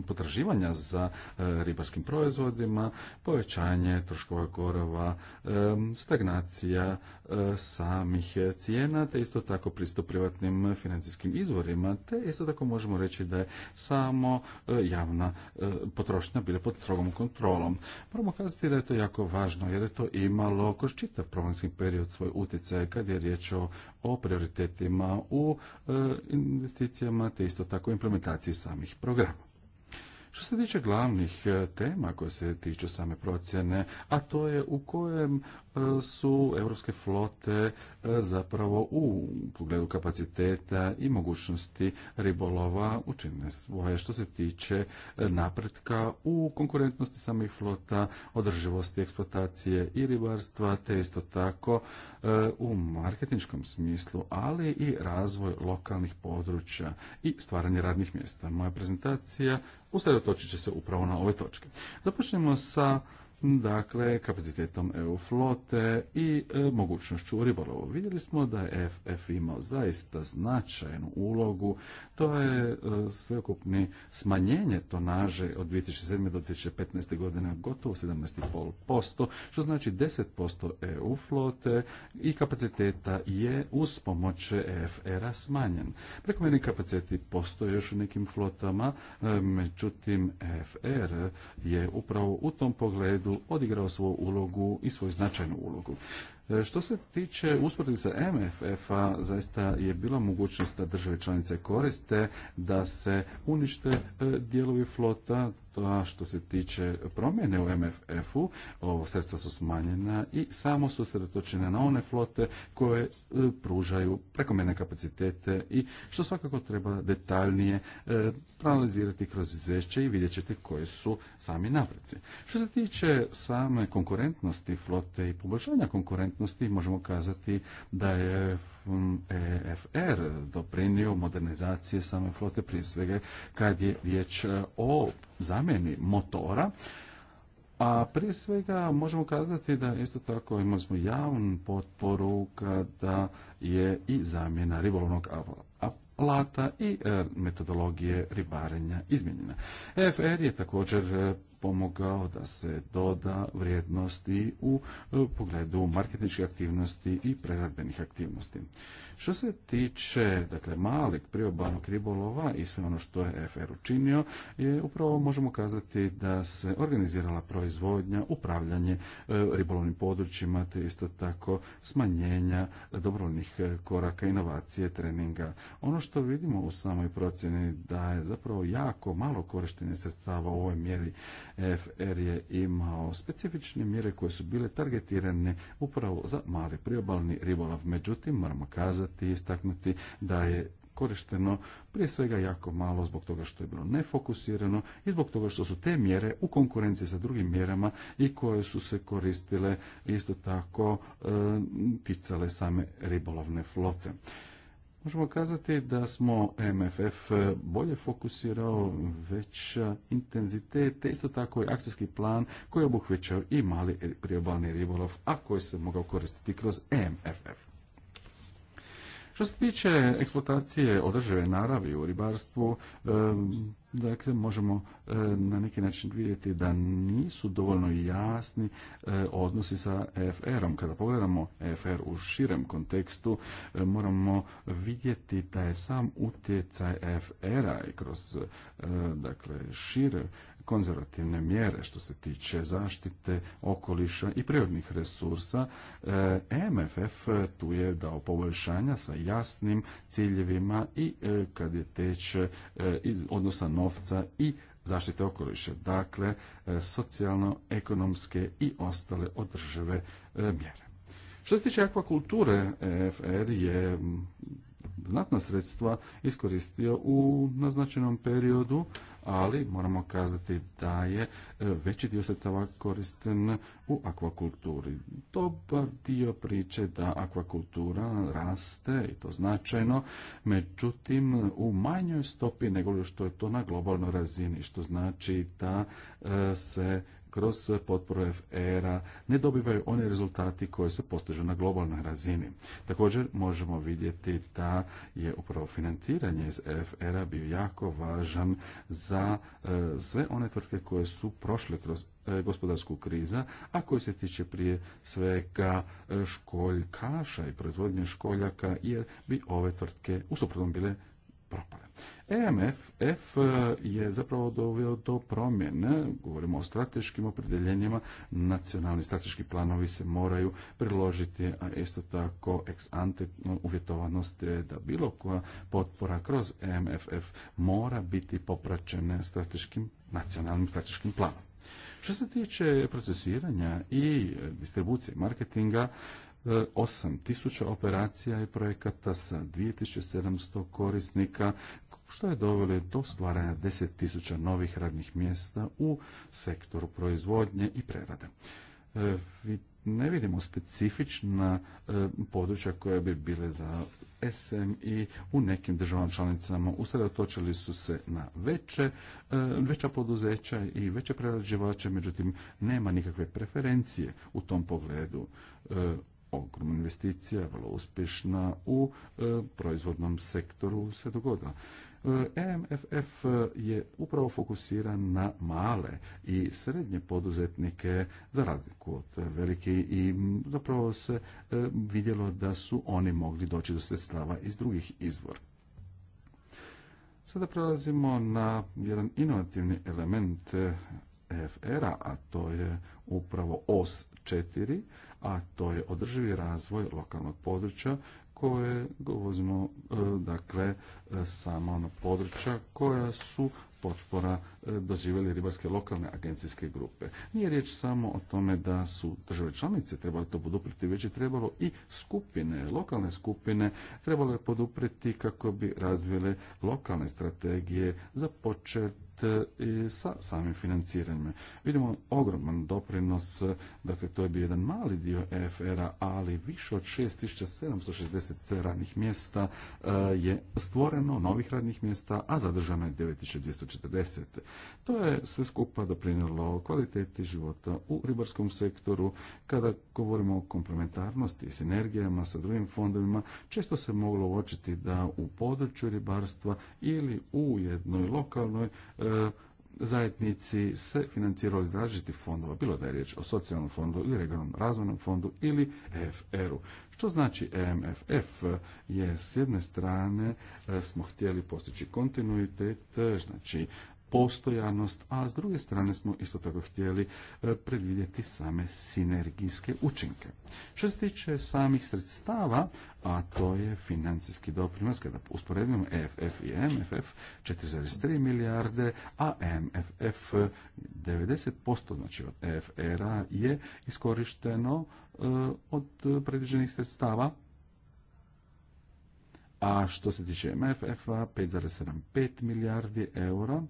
potraživanja za ribarskim proizvodima, povećanje troškova gorava, stagnacija e, samih cijena, te isto tako pristup privatnim financijskim izvorima, te isto tako možemo reći da je samo e, javna e, potrošnja bila pod strogom kontrolom. Moramo kazati da je to jako važno, jer je to imalo kroz čitav provanski period svoj utjecaj kad je riječ o, o prioritetima u investicijama, te isto tako implementaciji samih programa. Što se tiče glavnih tema koje se tiču same procjene, a to je u kojem su europske flote e, zapravo u pogledu kapaciteta i mogućnosti ribolova učinile svoje što se tiče e, napretka u konkurentnosti samih flota, održivosti eksploatacije i ribarstva, te isto tako e, u marketinškom smislu, ali i razvoj lokalnih područja i stvaranje radnih mjesta. Moja prezentacija usredotočit će se upravo na ove točke. Započnemo sa dakle, kapacitetom EU flote i e, mogućnošću ribolova. Vidjeli smo da je FF imao zaista značajnu ulogu, to je e, sveukupni smanjenje tonaže od 2007. do 2015. godine gotovo 17,5%, što znači 10% EU flote i kapaciteta je uz pomoć EFR-a smanjen. Prekomeni kapaciteti postoje još u nekim flotama, e, međutim EFR je upravo u tom pogledu odigrao svoju ulogu i svoju značajnu ulogu. E, što se tiče usporedica MFF-a, zaista je bila mogućnost da države članice koriste da se unište e, dijelovi flota to što se tiče promjene u MFF-u, ovo sredstva su smanjena i samo su sredotočene na one flote koje e, pružaju prekomjerne kapacitete i što svakako treba detaljnije e, analizirati kroz izvješće i vidjet ćete koji su sami napreci. Što se tiče same konkurentnosti flote i poboljšanja konkurentnosti, možemo kazati da je EFR doprinio modernizacije same flote, prije svega kad je riječ e, o zamjeni motora, a prije svega možemo kazati da isto tako imali smo javnu potporu kada je i zamjena ribolovnog alata i e, metodologije ribarenja izmjenjena. EFR je također e, pomogao da se doda vrijednosti u e, pogledu marketničke aktivnosti i preradbenih aktivnosti. Što se tiče dakle, malih priobalnog ribolova i sve ono što je FR učinio, je upravo možemo kazati da se organizirala proizvodnja, upravljanje e, ribolovnim područjima, te isto tako smanjenja dobrovoljnih e, koraka, inovacije, treninga. Ono što vidimo u samoj procjeni da je zapravo jako malo korištenje sredstava u ovoj mjeri FR je imao specifične mjere koje su bile targetirane upravo za mali priobalni ribolov. Međutim, moramo kazati i istaknuti da je korišteno prije svega jako malo zbog toga što je bilo nefokusirano i zbog toga što su te mjere u konkurenciji sa drugim mjerama i koje su se koristile isto tako e, ticale same ribolovne flote. Možemo kazati da smo MFF bolje fokusirao, veća intenzitet, te isto tako i akcijski plan koji je obuhvećao i mali priobalni ribolov, a koji se mogao koristiti kroz MFF. Što se tiče eksploatacije održive naravi u ribarstvu, dakle, možemo e, na neki način vidjeti da nisu dovoljno jasni e, odnosi sa EFR-om. Kada pogledamo FR u širem kontekstu, e, moramo vidjeti da je sam utjecaj FR- a i kroz dakle, šire konzervativne mjere što se tiče zaštite okoliša i prirodnih resursa. E, MFF tu je dao poboljšanja sa jasnim ciljevima i e, kad je teče odnosa novca i zaštite okoliša, dakle e, socijalno-ekonomske i ostale održive mjere. Što se tiče akvakulture, FR je znatna sredstva iskoristio u naznačenom periodu, ali moramo kazati da je e, veći dio sredstava koristen u akvakulturi. Dobar dio priče da akvakultura raste i to značajno, međutim u manjoj stopi nego što je to na globalnoj razini, što znači da e, se kroz potporu FR-a e ne dobivaju one rezultati koje se postižu na globalnoj razini. Također možemo vidjeti da je upravo financiranje iz FR-a e bio jako važan za e, sve one tvrtke koje su prošle kroz gospodarsku kriza, a koji se tiče prije svega školjkaša i proizvodnje školjaka, jer bi ove tvrtke u suprotnom bile propale. EMF e, je zapravo doveo do promjene, govorimo o strateškim opredeljenjima, nacionalni strateški planovi se moraju priložiti, a isto tako ex ante uvjetovanost da bilo koja potpora kroz EMFF mora biti popraćena strateškim nacionalnim strateškim planom. Što se tiče procesiranja i distribucije marketinga, 8000 operacija i projekata sa 2700 korisnika, što je dovelo do stvaranja 10.000 novih radnih mjesta u sektoru proizvodnje i prerade. E, ne vidimo specifična e, područja koja bi bile za SM i u nekim državama članicama usredotočili su se na veće, e, veća poduzeća i veće prerađivače, međutim nema nikakve preferencije u tom pogledu ogromna investicija, vrlo uspješna u e, proizvodnom sektoru se dogodila. EMFF e je upravo fokusiran na male i srednje poduzetnike za razliku od velike i zapravo se e, vidjelo da su oni mogli doći do sredstava iz drugih izvora. Sada prelazimo na jedan inovativni element a a to je upravo OS 4, a to je održivi razvoj lokalnog područja koje govorimo e, dakle e, samo ono područja koja su potpora e, doživjeli ribarske lokalne agencijske grupe. Nije riječ samo o tome da su države članice trebali to podupriti, već je trebalo i skupine, lokalne skupine trebalo je podupriti kako bi razvile lokalne strategije za počet E, i sa samim financiranjima. Vidimo ogroman doprinos, dakle to je bio jedan mali dio EFR-a, ali više od 6760 radnih mjesta e, je stvoreno, novih radnih mjesta, a zadržano je 9240. To je sve skupa doprinjelo kvaliteti života u ribarskom sektoru. Kada govorimo o komplementarnosti i sinergijama sa drugim fondovima, često se moglo uočiti da u području ribarstva ili u jednoj lokalnoj e, E, zajednici se financirali iz različitih fondova, bilo da je riječ o socijalnom fondu ili regionalnom razvojnom fondu ili FR-u. Što znači EMFF? Je s jedne strane e, smo htjeli postići kontinuitet, e, znači postojanost, a s druge strane smo isto tako htjeli e, predvidjeti same sinergijske učinke. Što se tiče samih sredstava, a to je financijski doprinos, kada usporedimo EFF i MFF, 4,3 milijarde, a MFF 90%, znači od efr je iskorišteno e, od predviđenih sredstava, a što se tiče MFF-a, 5,75 milijardi eura,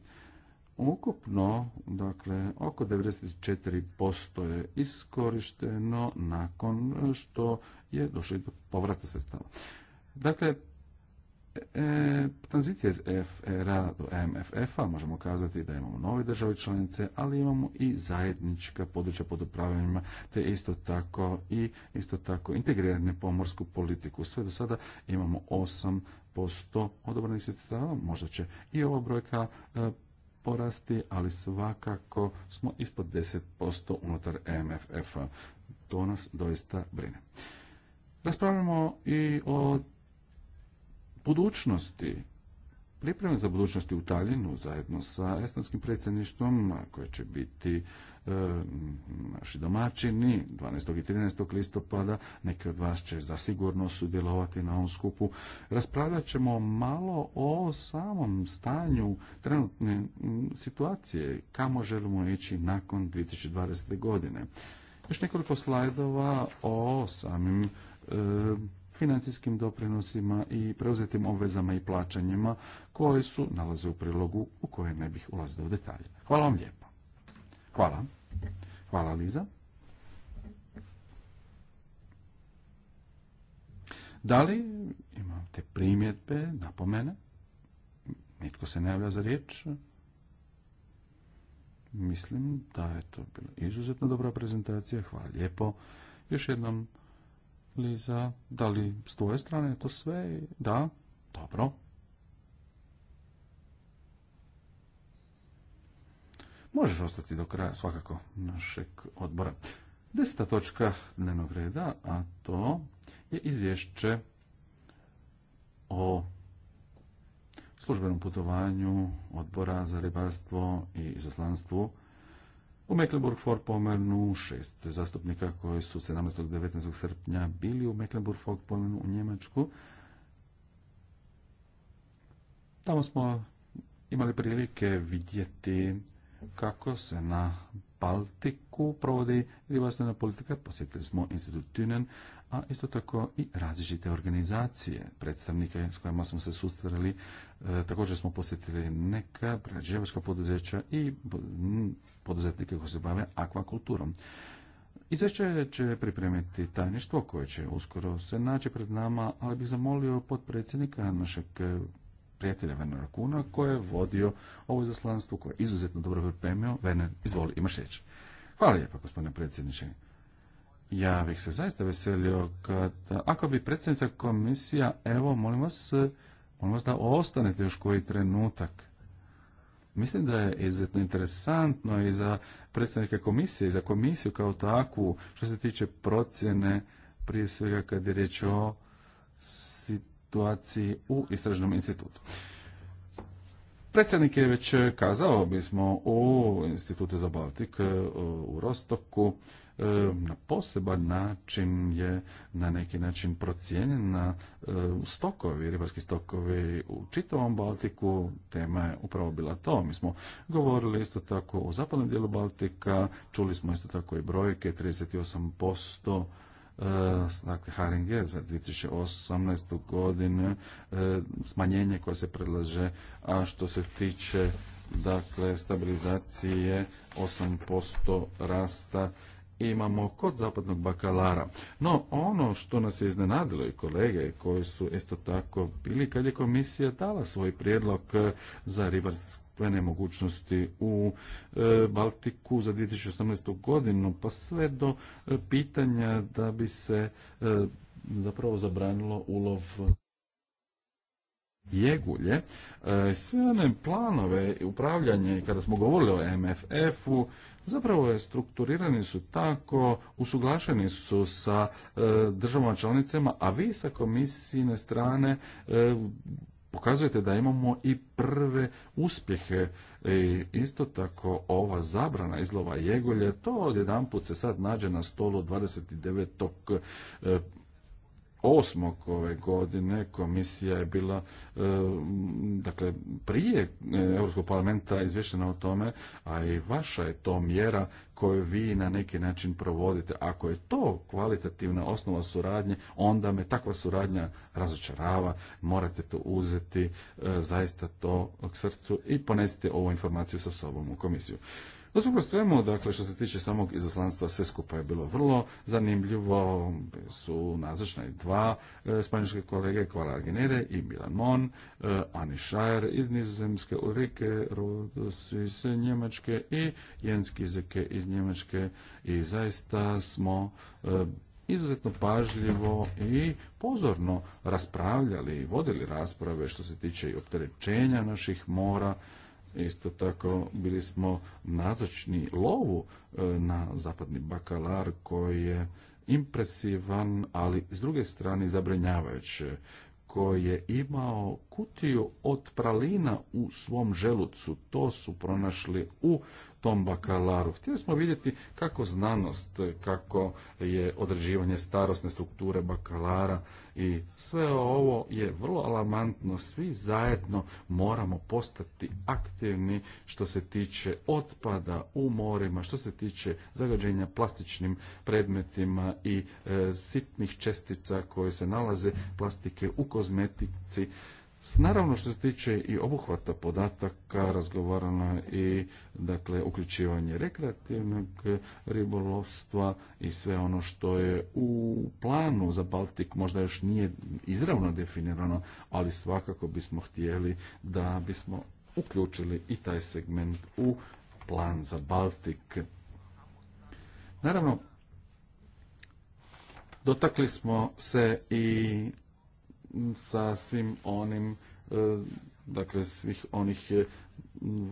Ukupno, dakle, oko 94% je iskorišteno nakon što je došlo do povrata sredstava. Dakle, e, tranzicija iz FRA do MFF-a, možemo kazati da imamo nove države članice, ali imamo i zajednička područja pod upravljanjima, te isto tako i isto tako integrirane pomorsku politiku. Sve do sada imamo 8% odobrenih sredstava, možda će i ova brojka e, porasti, ali svakako smo ispod 10% unutar e MFF-a. To nas doista brine. Raspravljamo i o budućnosti Pripreme za budućnosti u Taljinu zajedno sa estonskim predsjedništvom koje će biti e, naši domaćini 12. i 13. listopada. Neki od vas će zasigurno sudjelovati na ovom skupu. Raspravljat ćemo malo o samom stanju trenutne situacije, kamo želimo ići nakon 2020. godine. Još nekoliko slajdova o samim e, financijskim doprinosima i preuzetim obvezama i plaćanjima koji su nalaze u prilogu u koje ne bih ulazio u detalje. Hvala vam lijepo. Hvala. Hvala Liza. Da li imate primjedbe, napomene? Nitko se ne javlja za riječ. Mislim da je to bila izuzetno dobra prezentacija. Hvala lijepo. Još jednom Liza, da li s tvoje strane to sve? Da, dobro. Možeš ostati do kraja svakako našeg odbora. Deseta točka dnevnog reda, a to je izvješće o službenom putovanju odbora za ribarstvo i izaslanstvu u mecklenburg pomenu šest zastupnika koji su 17. 19. srpnja bili u mecklenburg pomenu u Njemačku. Tamo smo imali prilike vidjeti kako se na Baltiku provodi ribarstvena politika. Posjetili smo institut Tünen, a isto tako i različite organizacije, predstavnike s kojima smo se susreli. E, također smo posjetili neka prerađivačka poduzeća i poduzetnike koji se bave akvakulturom. Izvješće će pripremiti tajništvo koje će uskoro se naći pred nama, ali bih zamolio potpredsjednika našeg e, prijatelja Venera Kuna koji je vodio ovo zaslanstvo koje je izuzetno dobro pripremio. Vener, izvoli, imaš riječ. Hvala lijepa, gospodine predsjedniče. Ja bih se zaista veselio kad, ako bi predsjednica komisija, evo, molim vas, molim vas da ostanete još koji trenutak. Mislim da je izuzetno interesantno i za predsjednika komisije i za komisiju kao takvu što se tiče procjene prije svega kad je riječ o situaciji u istražnom institutu. Predsjednik je već kazao, bismo u Institutu za Baltik u Rostoku, E, na poseban način je na neki način procijenjena e, stokovi, ribarski stokovi u čitavom Baltiku. Tema je upravo bila to. Mi smo govorili isto tako o zapadnom dijelu Baltika, čuli smo isto tako i brojke, 38% e, dakle Haringe za 2018. godine smanjenje koje se predlaže a što se tiče dakle stabilizacije 8% rasta imamo kod zapadnog bakalara. No, ono što nas je iznenadilo i kolege koji su isto tako bili kad je komisija dala svoj prijedlog eh, za ribarstvene mogućnosti u eh, Baltiku za 2018. godinu, pa sve do eh, pitanja da bi se zapravo zabranilo ulov Jegulje, e, sve one planove i upravljanje kada smo govorili o MFF-u, zapravo je strukturirani su tako, usuglašeni su sa e, državama članicama, a vi sa komisijne strane e, pokazujete da imamo i prve uspjehe. I isto tako ova zabrana izlova jegulje, to odjedanput se sad nađe na stolu 29. Osmog ove godine komisija je bila e, dakle prije e, Europskog parlamenta izvještena o tome, a i vaša je to mjera koju vi na neki način provodite. Ako je to kvalitativna osnova suradnje, onda me takva suradnja razočarava. Morate to uzeti e, zaista to k srcu i ponesite ovu informaciju sa sobom u komisiju. Usprkos svemu, dakle, što se tiče samog izaslanstva, sve skupa je bilo vrlo zanimljivo. Su nazvačna i dva e, kolege, Kvala Arginere i Milan Mon, e, Ani Šajer iz Nizozemske, urike, Rodos iz Njemačke i Jens Kizike iz Njemačke. I zaista smo e, izuzetno pažljivo i pozorno raspravljali i vodili rasprave što se tiče i opterećenja naših mora, Isto tako bili smo nazočni lovu e, na zapadni bakalar koji je impresivan, ali s druge strane zabrinjavajuće koji je imao kutiju od pralina u svom želucu. To su pronašli u tom bakalaru. Htjeli smo vidjeti kako znanost, kako je određivanje starosne strukture bakalara i sve ovo je vrlo alarmantno. Svi zajedno moramo postati aktivni što se tiče otpada u morima, što se tiče zagađenja plastičnim predmetima i e, sitnih čestica koje se nalaze plastike u kozmetici. Naravno što se tiče i obuhvata podataka, razgovarano i dakle uključivanje rekreativnog ribolovstva i sve ono što je u planu za Baltik možda još nije izravno definirano, ali svakako bismo htjeli da bismo uključili i taj segment u plan za Baltik. Naravno, Dotakli smo se i sa svim onim, e, dakle svih onih e,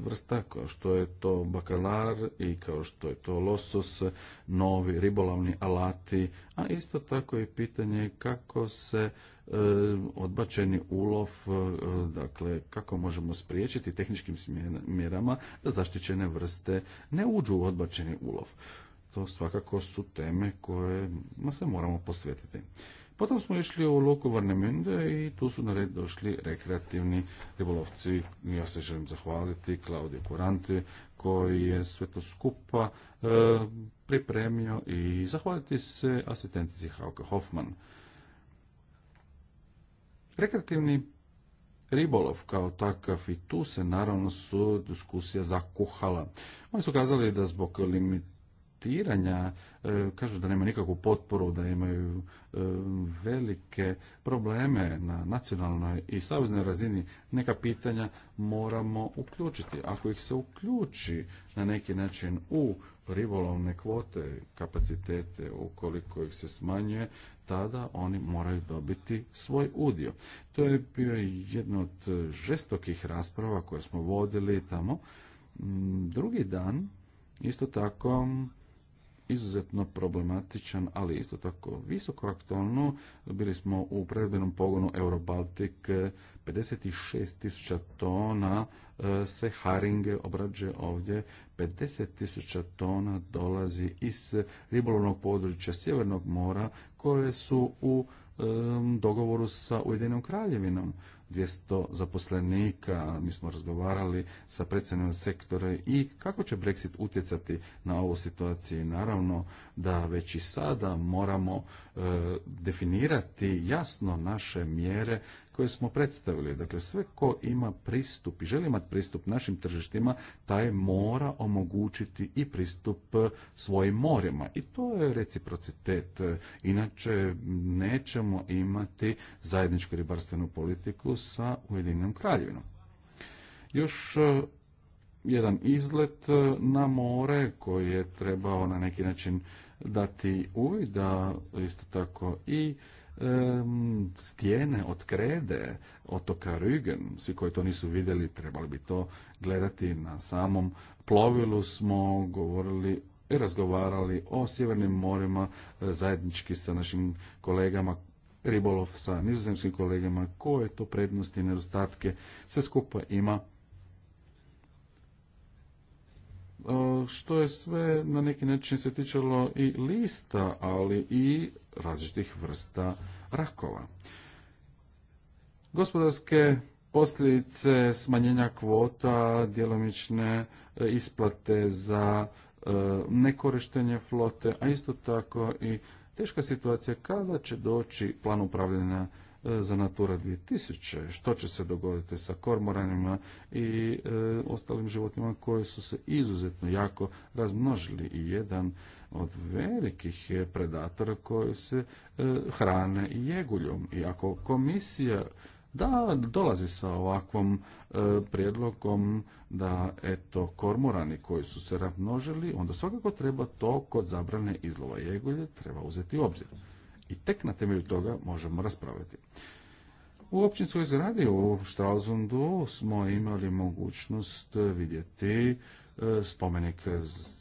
vrsta kao što je to bakalar i kao što je to losos, novi ribolovni alati, a isto tako i pitanje kako se e, odbačeni ulov, dakle kako možemo spriječiti tehničkim mjerama da zaštićene vrste ne uđu u odbačeni ulov. To svakako su teme koje se moramo posvetiti. Potom smo išli u luku Varnemünde i tu su na red došli rekreativni ribolovci. Ja se želim zahvaliti Claudio Kurante koji je sve to skupa e, pripremio i zahvaliti se asistentici Hauke Hoffman. Rekreativni ribolov kao takav i tu se naravno su diskusija zakuhala. Oni su kazali da zbog limit E, kažu da nema nikakvu potporu, da imaju e, velike probleme na nacionalnoj i saveznoj razini. Neka pitanja moramo uključiti. Ako ih se uključi na neki način u ribolovne kvote, kapacitete, ukoliko ih se smanjuje, tada oni moraju dobiti svoj udio. To je bio jedno od žestokih rasprava koje smo vodili tamo. Mm, drugi dan, isto tako, izuzetno problematičan, ali isto tako visoko aktualno. Bili smo u predbenom pogonu Eurobaltic 56.000 e, tona e, se haringe obrađuje ovdje. 50.000 tona dolazi iz ribolovnog područja Sjevernog mora koje su u e, dogovoru sa Ujedinom kraljevinom. 200 zaposlenika, mi smo razgovarali sa predstavnicima sektora i kako će Brexit utjecati na ovu situaciju. Naravno da već i sada moramo e, definirati jasno naše mjere koje smo predstavili. Dakle, sve ko ima pristup i želi imati pristup našim tržištima, taj mora omogućiti i pristup svojim morima. I to je reciprocitet. Inače, nećemo imati zajedničku ribarstvenu politiku sa Ujedinjenom kraljevinom. Još e, jedan izlet e, na more koji je trebao na neki način dati da isto tako i stijene od krede otoka Rügen. Svi koji to nisu vidjeli trebali bi to gledati na samom plovilu smo govorili i razgovarali o sjevernim morima e, zajednički sa našim kolegama ribolov sa nizozemskim kolegama koje to prednosti i nedostatke sve skupa ima E, što je sve na neki način se tičalo i lista, ali i različitih vrsta rakova. Gospodarske posljedice smanjenja kvota, djelomične e, isplate za e, nekorištenje flote, a isto tako i teška situacija kada će doći plan upravljanja E, za Natura 2000, što će se dogoditi sa kormoranima i e, ostalim životinjama koji su se izuzetno jako razmnožili i jedan od velikih predatora koji se e, hrane i jeguljom. I ako komisija da dolazi sa ovakvom e, prijedlogom da eto kormorani koji su se razmnožili, onda svakako treba to kod zabrane izlova jegulje treba uzeti u obzir i tek na temelju toga možemo raspraviti. U općinskoj zgradi u Štrauzundu smo imali mogućnost e, vidjeti e, spomenik,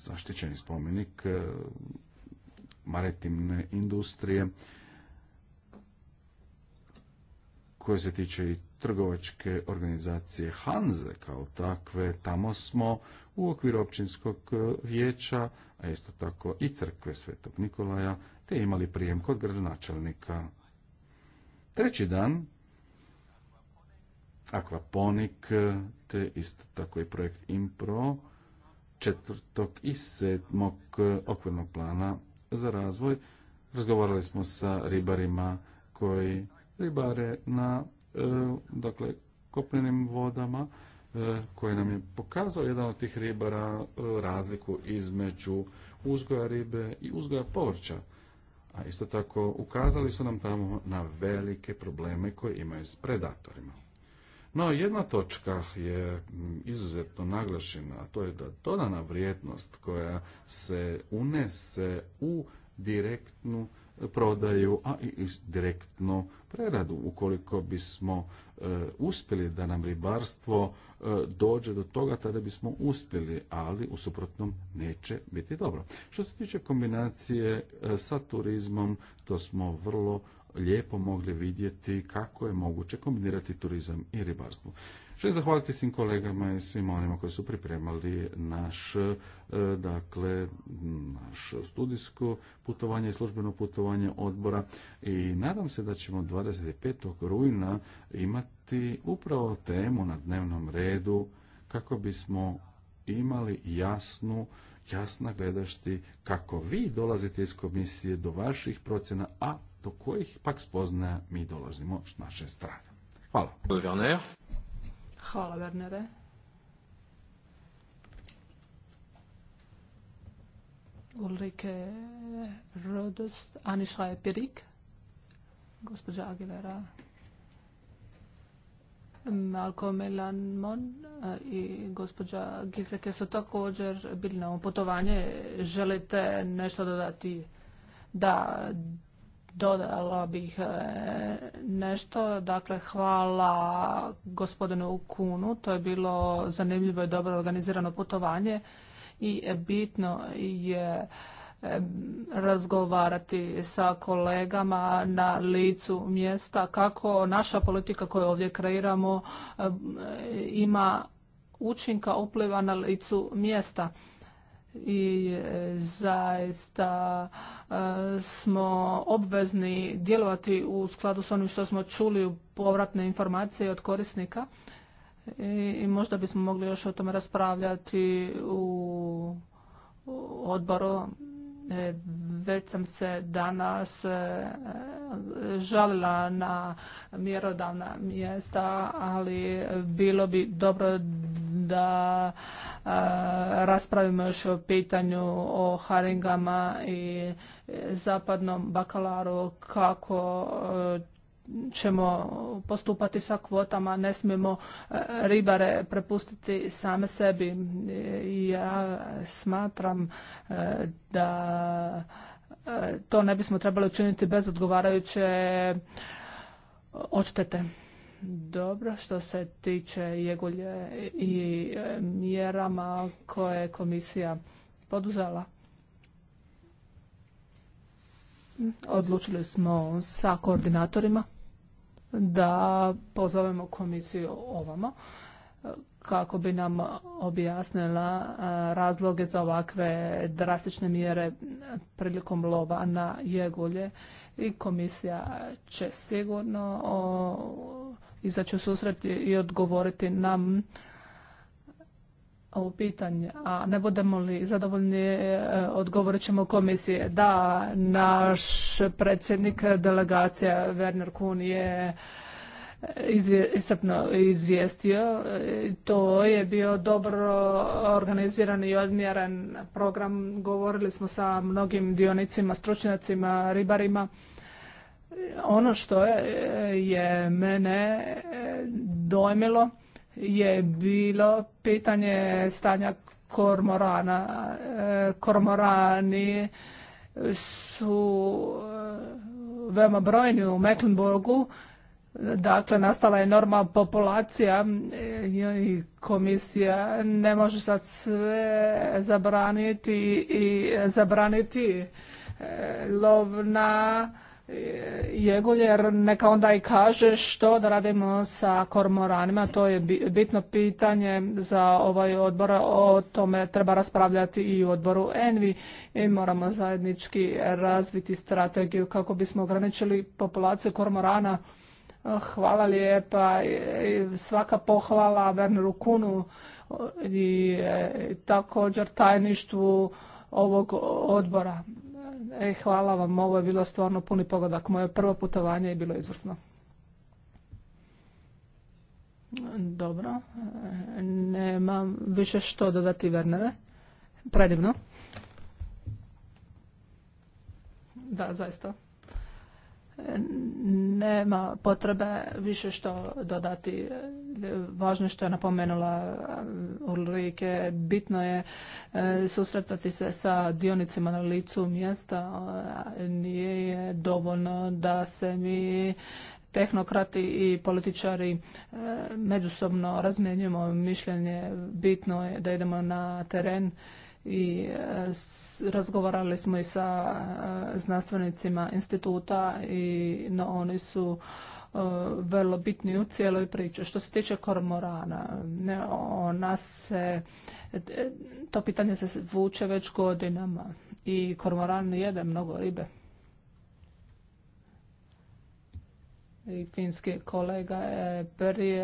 zaštićeni spomenik e, maritimne industrije koje se tiče i trgovačke organizacije Hanze kao takve. Tamo smo u okviru općinskog vijeća, a isto tako i crkve Svetog Nikolaja te imali prijem kod gradonačelnika. Treći dan, akvaponik, te isto tako i projekt Impro, četvrtog i sedmog okvirnog plana za razvoj. Razgovarali smo sa ribarima koji ribare na e, dakle, kopnenim vodama e, koji nam je pokazao jedan od tih ribara e, razliku između uzgoja ribe i uzgoja povrća a isto tako ukazali su nam tamo na velike probleme koje imaju s predatorima. No, jedna točka je mm, izuzetno naglašena, a to je da dodana vrijednost koja se unese u direktnu prodaju, a i direktnu preradu. Ukoliko bismo e, uspjeli da nam ribarstvo e, dođe do toga, tada bismo uspjeli, ali u suprotnom neće biti dobro. Što se tiče kombinacije e, sa turizmom, to smo vrlo lijepo mogli vidjeti kako je moguće kombinirati turizam i ribarstvo. Želim zahvaliti svim kolegama i svim onima koji su pripremali naš, e, dakle, naš studijsko putovanje i službeno putovanje odbora i nadam se da ćemo 25. rujna imati upravo temu na dnevnom redu kako bismo imali jasnu jasna gledašti kako vi dolazite iz komisije do vaših procjena, a do kojih pak spoznaja mi dolazimo s naše strane. Hvala. Hvala, Wernere. Ulrike Rodost, Aniša Pirik, gospođa Aguilera, Malko Melanmon i gospođa Gizeke su također bili na ovom putovanje. Želite nešto dodati? Da, Dodala bih e, nešto, dakle hvala gospodinu Kunu, to je bilo zanimljivo i dobro organizirano putovanje i bitno je e, razgovarati sa kolegama na licu mjesta kako naša politika koju ovdje kreiramo e, ima učinka upliva na licu mjesta i e, zaista e, smo obvezni djelovati u skladu s onim što smo čuli u povratne informacije od korisnika e, i možda bismo mogli još o tome raspravljati u odboru. Već sam se danas žalila na mjerodavna mjesta, ali bilo bi dobro da raspravimo još o pitanju o haringama i e, zapadnom bakalaru kako e, ćemo postupati sa kvotama, ne smijemo e, ribare prepustiti same sebi. Ja smatram da to ne bismo trebali učiniti bez odgovarajuće odštete dobro što se tiče jegulje i e, mjerama koje je komisija poduzela. Odlučili smo sa koordinatorima da pozovemo komisiju ovamo e, kako bi nam objasnila e, razloge za ovakve drastične mjere prilikom lova na jegulje i komisija će sigurno izaći u susret i odgovoriti nam ovo pitanje, a ne budemo li zadovoljni, e, odgovorit ćemo komisije. Da, naš predsjednik delegacija Werner Kuhn je iscrpno izvijestio. E, to je bio dobro organiziran i odmjeren program. Govorili smo sa mnogim dionicima, stručnjacima, ribarima ono što je mene e, dojmilo je bilo pitanje stanja kormorana. E, kormorani su e, veoma brojni u Mecklenburgu, dakle nastala je norma populacija i komisija ne može sad sve zabraniti i zabraniti lov na Jeguljer jer neka onda i kaže što da radimo sa kormoranima. To je bitno pitanje za ovaj odbor. O tome treba raspravljati i u odboru Envi. I moramo zajednički razviti strategiju kako bismo ograničili populaciju kormorana. Hvala lijepa. Svaka pohvala Werneru Kunu i također tajništvu ovog odbora. E, hvala vam, ovo je bilo stvarno puni pogodak. Moje prvo putovanje je bilo izvrsno. Dobro, e, nemam više što dodati Vernere. Predivno. Da, zaista nema potrebe više što dodati. Važno što je napomenula Ulrike. bitno je e, susretati se sa dionicima na licu mjesta. E, nije dovoljno da se mi tehnokrati i političari e, međusobno razmjenjujemo mišljenje. Bitno je da idemo na teren i e, razgovarali smo i sa e, znanstvenicima instituta i no, oni su e, vrlo bitni u cijeloj priči. Što se tiče kormorana, ona se, to pitanje se vuče već godinama i kormoran jede mnogo ribe. I finski kolega je prije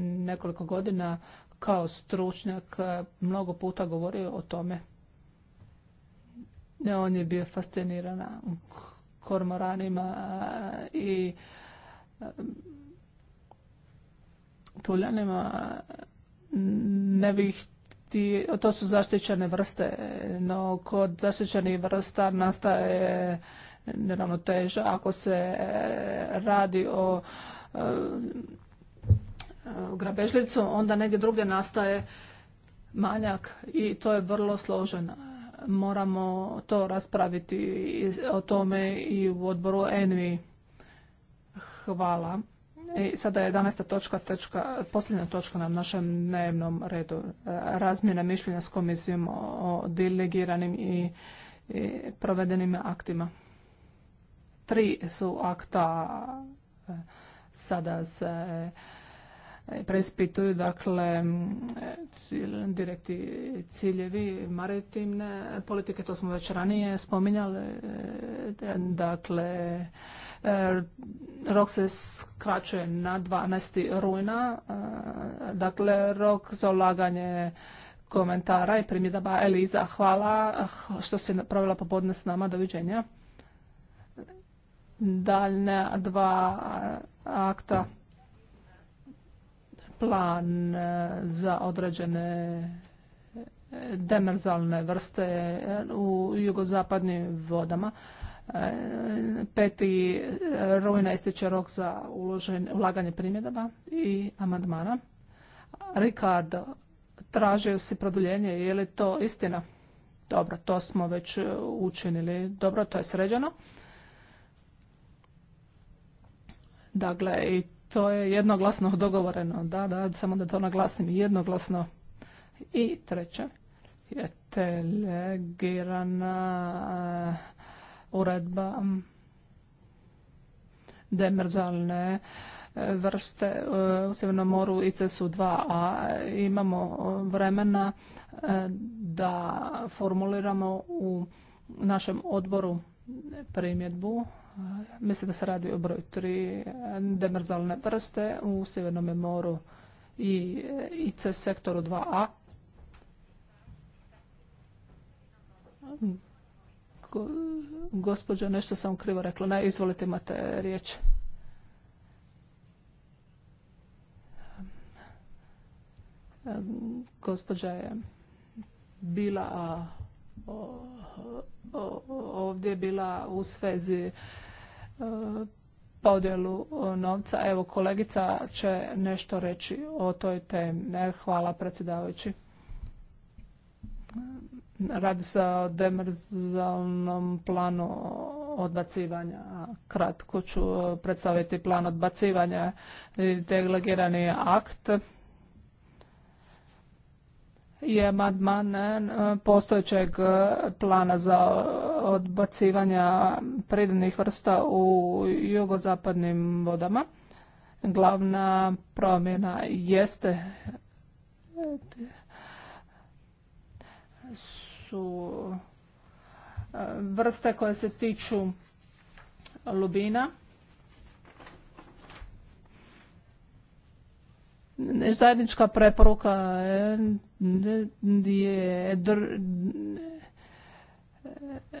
nekoliko godina kao stručnjak e, mnogo puta govorio o tome. E, on je bio fasciniran kormoranima e, i tuljanima. Ne bih to su zaštićene vrste, no kod zaštićenih vrsta nastaje neravnoteža ako se radi o grabežljivcu, onda negdje drugdje nastaje manjak i to je vrlo složeno. Moramo to raspraviti o tome i u odboru ENVI. Hvala. I sada je 11. točka, točka, posljednja točka na našem dnevnom redu. Razmjena mišljenja s komisijom o delegiranim i, i provedenim aktima. Tri su akta e, sada se preispituju dakle direkti ciljevi maritimne politike, to smo već ranije spominjali, e, dakle e, rok se skraćuje na 12. rujna, e, dakle rok za ulaganje komentara i primjedaba Eliza, hvala što se provela popodne s nama, doviđenja. Daljne dva akta plan e, za određene e, demerzalne vrste e, u jugozapadnim vodama. Peti rujna ističe rok za ulaganje primjedaba i amandmana. Ricardo, tražio si produljenje, je li to istina? Dobro, to smo već učinili. Dobro, to je sređeno. Dakle, i to je jednoglasno dogovoreno. Da, da, samo da to naglasim. Jednoglasno. I treće je telegirana eh, uredba mm, demerzalne eh, vrste eh, u Sjevernom moru CSU 2a. Imamo vremena da formuliramo u našem odboru primjedbu Mislim da se radi o broju tri demerzalne vrste u Sjevernom moru i C sektoru 2A. Go, gospođo, nešto sam krivo rekla. Ne, izvolite, imate riječ. Gospođa je bila ovdje bila u svezi podjelu e, novca. Evo, kolegica će nešto reći o toj temi. E, hvala, predsjedavajući. Radi se o demerzalnom planu odbacivanja. Kratko ću e, predstaviti plan odbacivanja i delegirani akt je amandman e, postojećeg e, plana za odbacivanja prirodnih vrsta u jugozapadnim vodama. Glavna promjena jeste su e, vrste koje se tiču lubina zajednička preporuka e, e, e,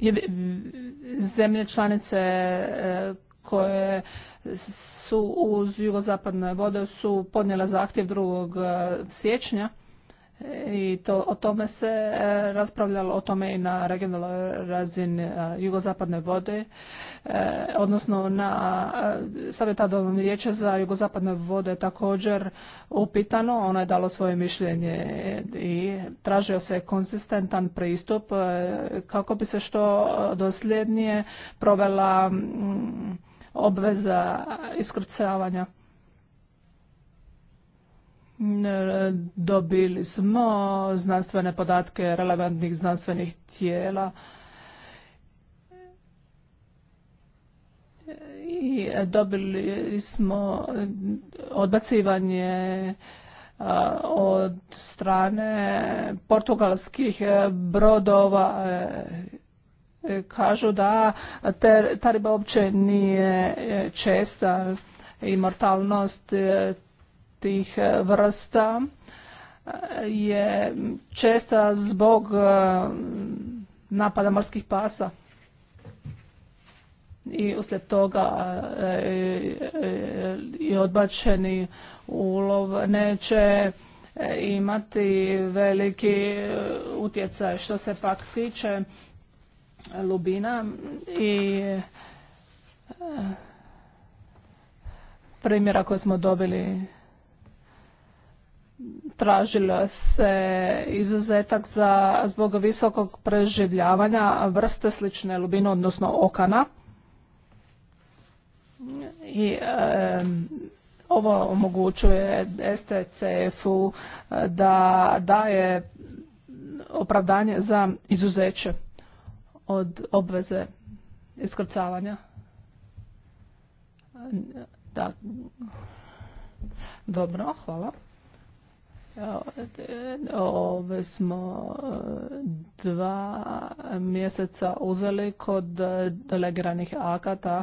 je zemlje članice koje su uz jugozapadne vode su podnijela zahtjev 2. siječnja i to, o tome se e, raspravljalo, o tome i na regionalnoj razini e, jugozapadne vode, e, odnosno na savjetadovom vijeće za jugozapadne vode također upitano, ono je dalo svoje mišljenje i tražio se konsistentan pristup kako bi se što dosljednije provela obveza iskrcavanja. Dobili smo znanstvene podatke relevantnih znanstvenih tijela i dobili smo odbacivanje od strane portugalskih brodova e, kažu da ta riba uopće nije e, česta i mortalnost e, tih e, vrsta e, je česta zbog e, napada morskih pasa i uslijed toga i odbačeni ulov neće imati veliki utjecaj. Što se pak tiče lubina i primjera koje smo dobili tražila se izuzetak za, zbog visokog preživljavanja vrste slične lubine, odnosno okana. I ovo omogućuje STCF-u e, da daje opravdanje za izuzeće od obveze iskrcavanja. Da. Dobro, hvala. Ove smo e, dva mjeseca uzeli kod delegiranih akata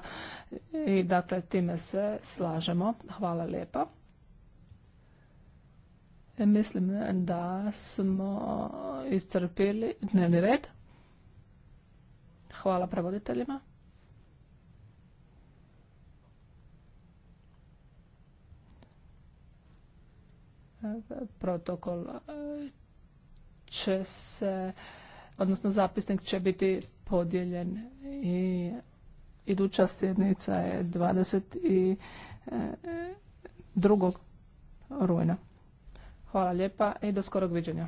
i dakle time se slažemo. Hvala lijepa. E, mislim da smo iscrpili dnevni red. Hvala pravoditeljima. protokol e, će se, odnosno zapisnik će biti podijeljen i iduća sjednica je 22. E, rujna. Hvala lijepa i do skorog viđenja.